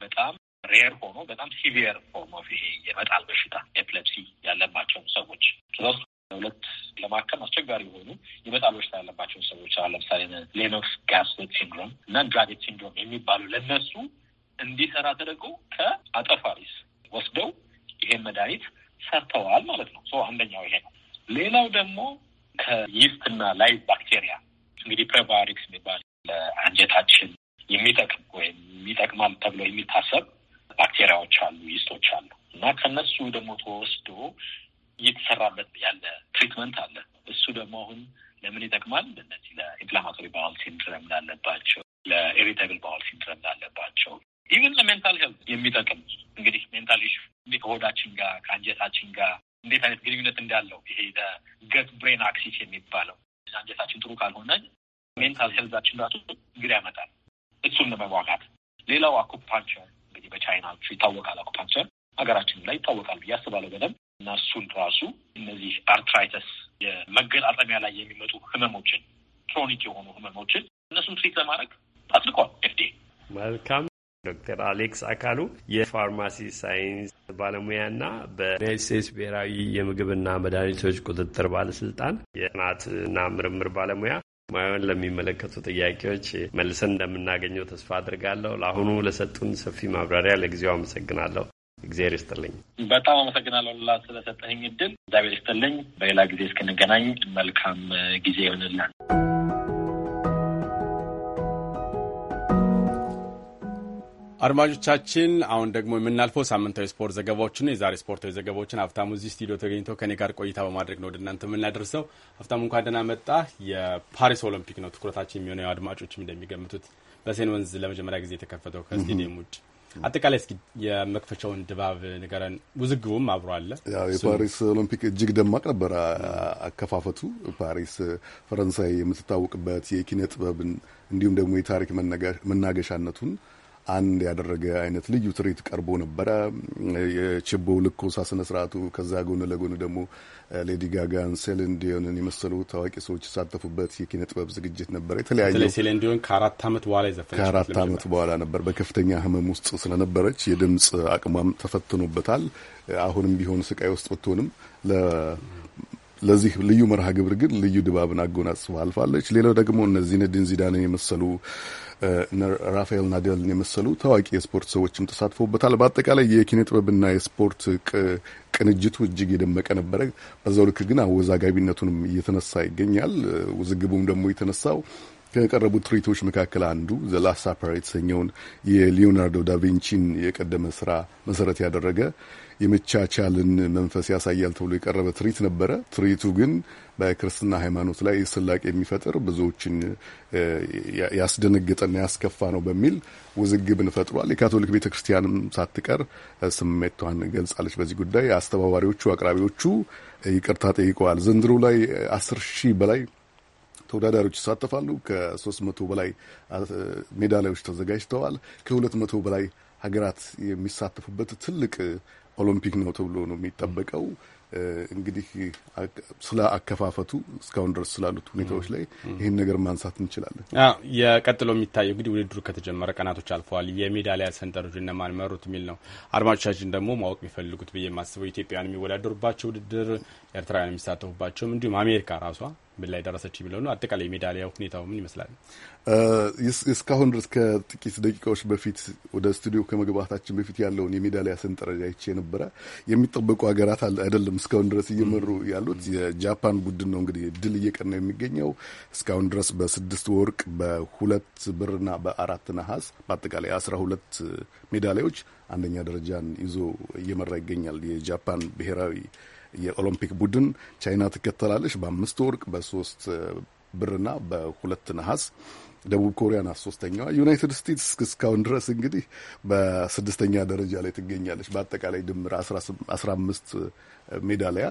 በጣም ሬር ሆኖ በጣም ሲቪየር ሆኖ ይሄ የመጣል በሽታ ኤፕለፕሲ ያለባቸውን ሰዎች ሁለት ለማከም አስቸጋሪ የሆኑ የመጣል በሽታ ያለባቸውን ሰዎች አሉ። ለምሳሌ ሌኖክስ ጋስት ሲንድሮም እና ድራጌት ሲንድሮም የሚባሉ ለነሱ እንዲሰራ ተደርጎ ከአጠፋሪስ ወስደው ይሄን መድኃኒት ሰርተዋል ማለት ነው። ሰው አንደኛው ይሄ ነው። ሌላው ደግሞ ከይስትና ላይ ባክቴሪያ እንግዲህ ፕሬባዮቲክስ የሚባል ለአንጀታችን የሚጠቅም ወይም የሚጠቅማል ተብሎ የሚታሰብ ባክቴሪያዎች አሉ፣ ይስቶች አሉ እና ከነሱ ደግሞ ተወስዶ እየተሰራበት ያለ ትሪትመንት አለ። እሱ ደግሞ አሁን ለምን ይጠቅማል? እነዚህ ለኢንፍላማቶሪ ባውል ሲንድረም ላለባቸው፣ ለኢሪታብል ባውል ሲንድረም ላለባቸው፣ ኢቨን ለሜንታል ሄልት የሚጠቅም እንግዲህ ሜንታል ኢሹ ከሆዳችን ጋር ከአንጀታችን ጋር እንዴት አይነት ግንኙነት እንዳለው ይሄ ገት ብሬን አክሲስ የሚባለው አንጀታችን ጥሩ ካልሆነ ሜንታል ሄልዛችን ራሱ እንግዲህ ያመጣል። እሱን ለመዋጋት ሌላው አኩፓንቸር እንግዲህ በቻይናዎቹ ይታወቃል። አኩፓንቸር ሀገራችን ላይ ይታወቃል ብዬ አስባለሁ በደንብ እና እሱን ራሱ እነዚህ አርትራይተስ የመገጣጠሚያ ላይ የሚመጡ ህመሞችን ክሮኒክ የሆኑ ህመሞችን እነሱን ትሪት ለማድረግ አጥልቋል ኤፍዴ መልካም ዶክተር አሌክስ አካሉ የፋርማሲ ሳይንስ ባለሙያና በዩናይት ስቴትስ ብሔራዊ የምግብና መድኃኒቶች ቁጥጥር ባለስልጣን የጥናትና ምርምር ባለሙያ ሙያውን ለሚመለከቱ ጥያቄዎች መልሰን እንደምናገኘው ተስፋ አድርጋለሁ። ለአሁኑ ለሰጡን ሰፊ ማብራሪያ ለጊዜው አመሰግናለሁ። እግዚአብሔር ይስጥልኝ። በጣም አመሰግናለሁ ላ ስለሰጠኝ እድል። እግዚአብሔር ይስጥልኝ። በሌላ ጊዜ እስክንገናኝ መልካም ጊዜ ይሆንልናል። አድማጮቻችን አሁን ደግሞ የምናልፈው ሳምንታዊ ስፖርት ዘገባዎችን ነው። የዛሬ ስፖርታዊ ዘገባዎችን ሀብታሙ እዚህ ስቱዲዮ ተገኝቶ ከኔ ጋር ቆይታ በማድረግ ነው ወደ እናንተ የምናደርሰው። ሀብታሙ እንኳን ደህና መጣ። የፓሪስ ኦሎምፒክ ነው ትኩረታችን የሚሆነው። አድማጮችም እንደሚገምቱት በሴን ወንዝ ለመጀመሪያ ጊዜ የተከፈተው ከስቴዲየም ውጭ አጠቃላይ እስኪ የመክፈቻውን ድባብ ንገረን። ውዝግቡም አብሮ አለ። የፓሪስ ኦሎምፒክ እጅግ ደማቅ ነበረ አከፋፈቱ። ፓሪስ ፈረንሳይ የምትታወቅበት የኪነ ጥበብን እንዲሁም ደግሞ የታሪክ መናገሻነቱን አንድ ያደረገ አይነት ልዩ ትርኢት ቀርቦ ነበረ። የችቦ ልኮሳ ስነ ስርዓቱ፣ ከዛ ጎን ለጎን ደግሞ ሌዲ ጋጋን፣ ሴሊን ዲዮንን የመሰሉ ታዋቂ ሰዎች የተሳተፉበት የኪነ ጥበብ ዝግጅት ነበረ። የተለያዩ ዲዮን ከአራት ዓመት በኋላ የዘፈነች ከአራት በኋላ ነበር። በከፍተኛ ህመም ውስጥ ስለነበረች የድምፅ አቅሟም ተፈትኖበታል። አሁንም ቢሆን ስቃይ ውስጥ ብትሆንም ለዚህ ልዩ መርሃ ግብር ግን ልዩ ድባብን አጎናጽፋ አልፋለች። ሌላው ደግሞ እነዚህ ነድን ዚዳንን የመሰሉ ራፋኤል ናዳልን የመሰሉ ታዋቂ የስፖርት ሰዎችም ተሳትፎበታል። በአጠቃላይ የኪነ ጥበብና የስፖርት ቅንጅቱ እጅግ የደመቀ ነበረ። በዛው ልክ ግን አወዛጋቢነቱንም እየተነሳ ይገኛል። ውዝግቡም ደግሞ የተነሳው ከቀረቡት ትርኢቶች መካከል አንዱ ዘ የተሰኘውን የሊዮናርዶ ዳቪንቺን የቀደመ ስራ መሰረት ያደረገ የመቻቻልን መንፈስ ያሳያል ተብሎ የቀረበ ትርኢት ነበረ። ትርኢቱ ግን በክርስትና ሃይማኖት ላይ ስላቅ የሚፈጥር ብዙዎችን ያስደነገጠና ያስከፋ ነው በሚል ውዝግብን ፈጥሯል። የካቶሊክ ቤተ ክርስቲያንም ሳትቀር ስሜቷን ገልጻለች። በዚህ ጉዳይ አስተባባሪዎቹ፣ አቅራቢዎቹ ይቅርታ ጠይቀዋል። ዘንድሮ ላይ አስር ሺህ በላይ ተወዳዳሪዎች ይሳተፋሉ። ከሶስት መቶ በላይ ሜዳሊያዎች ተዘጋጅተዋል። ከሁለት መቶ በላይ ሀገራት የሚሳተፉበት ትልቅ ኦሎምፒክ ነው ተብሎ ነው የሚጠበቀው። እንግዲህ ስለ አከፋፈቱ እስካሁን ድረስ ስላሉት ሁኔታዎች ላይ ይህን ነገር ማንሳት እንችላለን። የቀጥሎ የሚታየው እንግዲህ ውድድሩ ከተጀመረ ቀናቶች አልፈዋል። የሜዳሊያ ሰንጠረዡ እነማን መሩት የሚል ነው። አድማጮቻችን ደግሞ ማወቅ የሚፈልጉት ብዬ የማስበው ኢትዮጵያውያን የሚወዳደሩባቸው ውድድር ኤርትራውያን የሚሳተፉባቸውም እንዲሁም አሜሪካ ራሷ ምን ላይ ደረሰች የሚለው ነው። አጠቃላይ ሜዳሊያ ሁኔታው ምን ይመስላል? እስካሁን ድረስ ከጥቂት ደቂቃዎች በፊት ወደ ስቱዲዮ ከመግባታችን በፊት ያለውን የሜዳሊያ ሰንጠረዥ አይቼ ነበረ። የሚጠበቁ ሀገራት አይደለም እስካሁን ድረስ እየመሩ ያሉት የጃፓን ቡድን ነው እንግዲህ ድል እየቀና የሚገኘው እስካሁን ድረስ በስድስት ወርቅ፣ በሁለት ብርና በአራት ነሐስ በአጠቃላይ አስራ ሁለት ሜዳሊያዎች አንደኛ ደረጃን ይዞ እየመራ ይገኛል የጃፓን ብሔራዊ የኦሎምፒክ ቡድን ቻይና ትከተላለች በአምስት ወርቅ፣ በሶስት ብርና በሁለት ነሐስ ደቡብ ኮሪያ ናት ሶስተኛዋ። ዩናይትድ ስቴትስ እስካሁን ድረስ እንግዲህ በስድስተኛ ደረጃ ላይ ትገኛለች። በአጠቃላይ ድምር አስራ አምስት ሜዳሊያ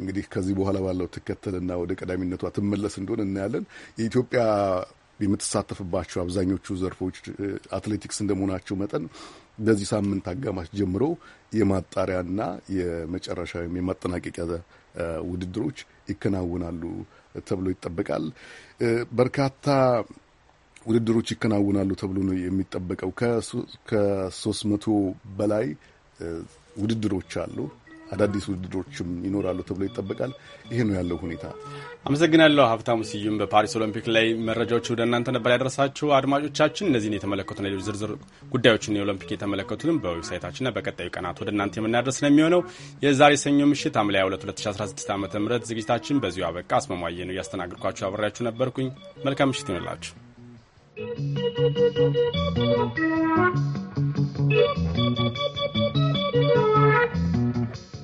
እንግዲህ ከዚህ በኋላ ባለው ትከተልና ወደ ቀዳሚነቷ ትመለስ እንደሆነ እናያለን። የኢትዮጵያ የምትሳተፍባቸው አብዛኞቹ ዘርፎች አትሌቲክስ እንደመሆናቸው መጠን በዚህ ሳምንት አጋማሽ ጀምሮ የማጣሪያና የመጨረሻ ወይም የማጠናቀቂያ ውድድሮች ይከናወናሉ ተብሎ ይጠበቃል። በርካታ ውድድሮች ይከናወናሉ ተብሎ ነው የሚጠበቀው። ከሶስት መቶ በላይ ውድድሮች አሉ። አዳዲስ ውድድሮችም ይኖራሉ ተብሎ ይጠበቃል። ይሄ ነው ያለው ሁኔታ። አመሰግናለሁ ሀብታሙ ስዩም። በፓሪስ ኦሎምፒክ ላይ መረጃዎች ወደ እናንተ ነበር ያደረሳችሁ። አድማጮቻችን እነዚህን የተመለከቱ ሌሎች ዝርዝር ጉዳዮችን የኦሎምፒክ የተመለከቱትንም በዌብሳይታችንና በቀጣዩ ቀናት ወደ እናንተ የምናደርስ ነው የሚሆነው። የዛሬ ሰኞ ምሽት ሐምሌ 22 2016 ዓ ም ዝግጅታችን በዚሁ አበቃ። አስመሟየ ነው እያስተናግድኳችሁ አብሬያችሁ ነበርኩኝ። መልካም ምሽት ይሆንላችሁ።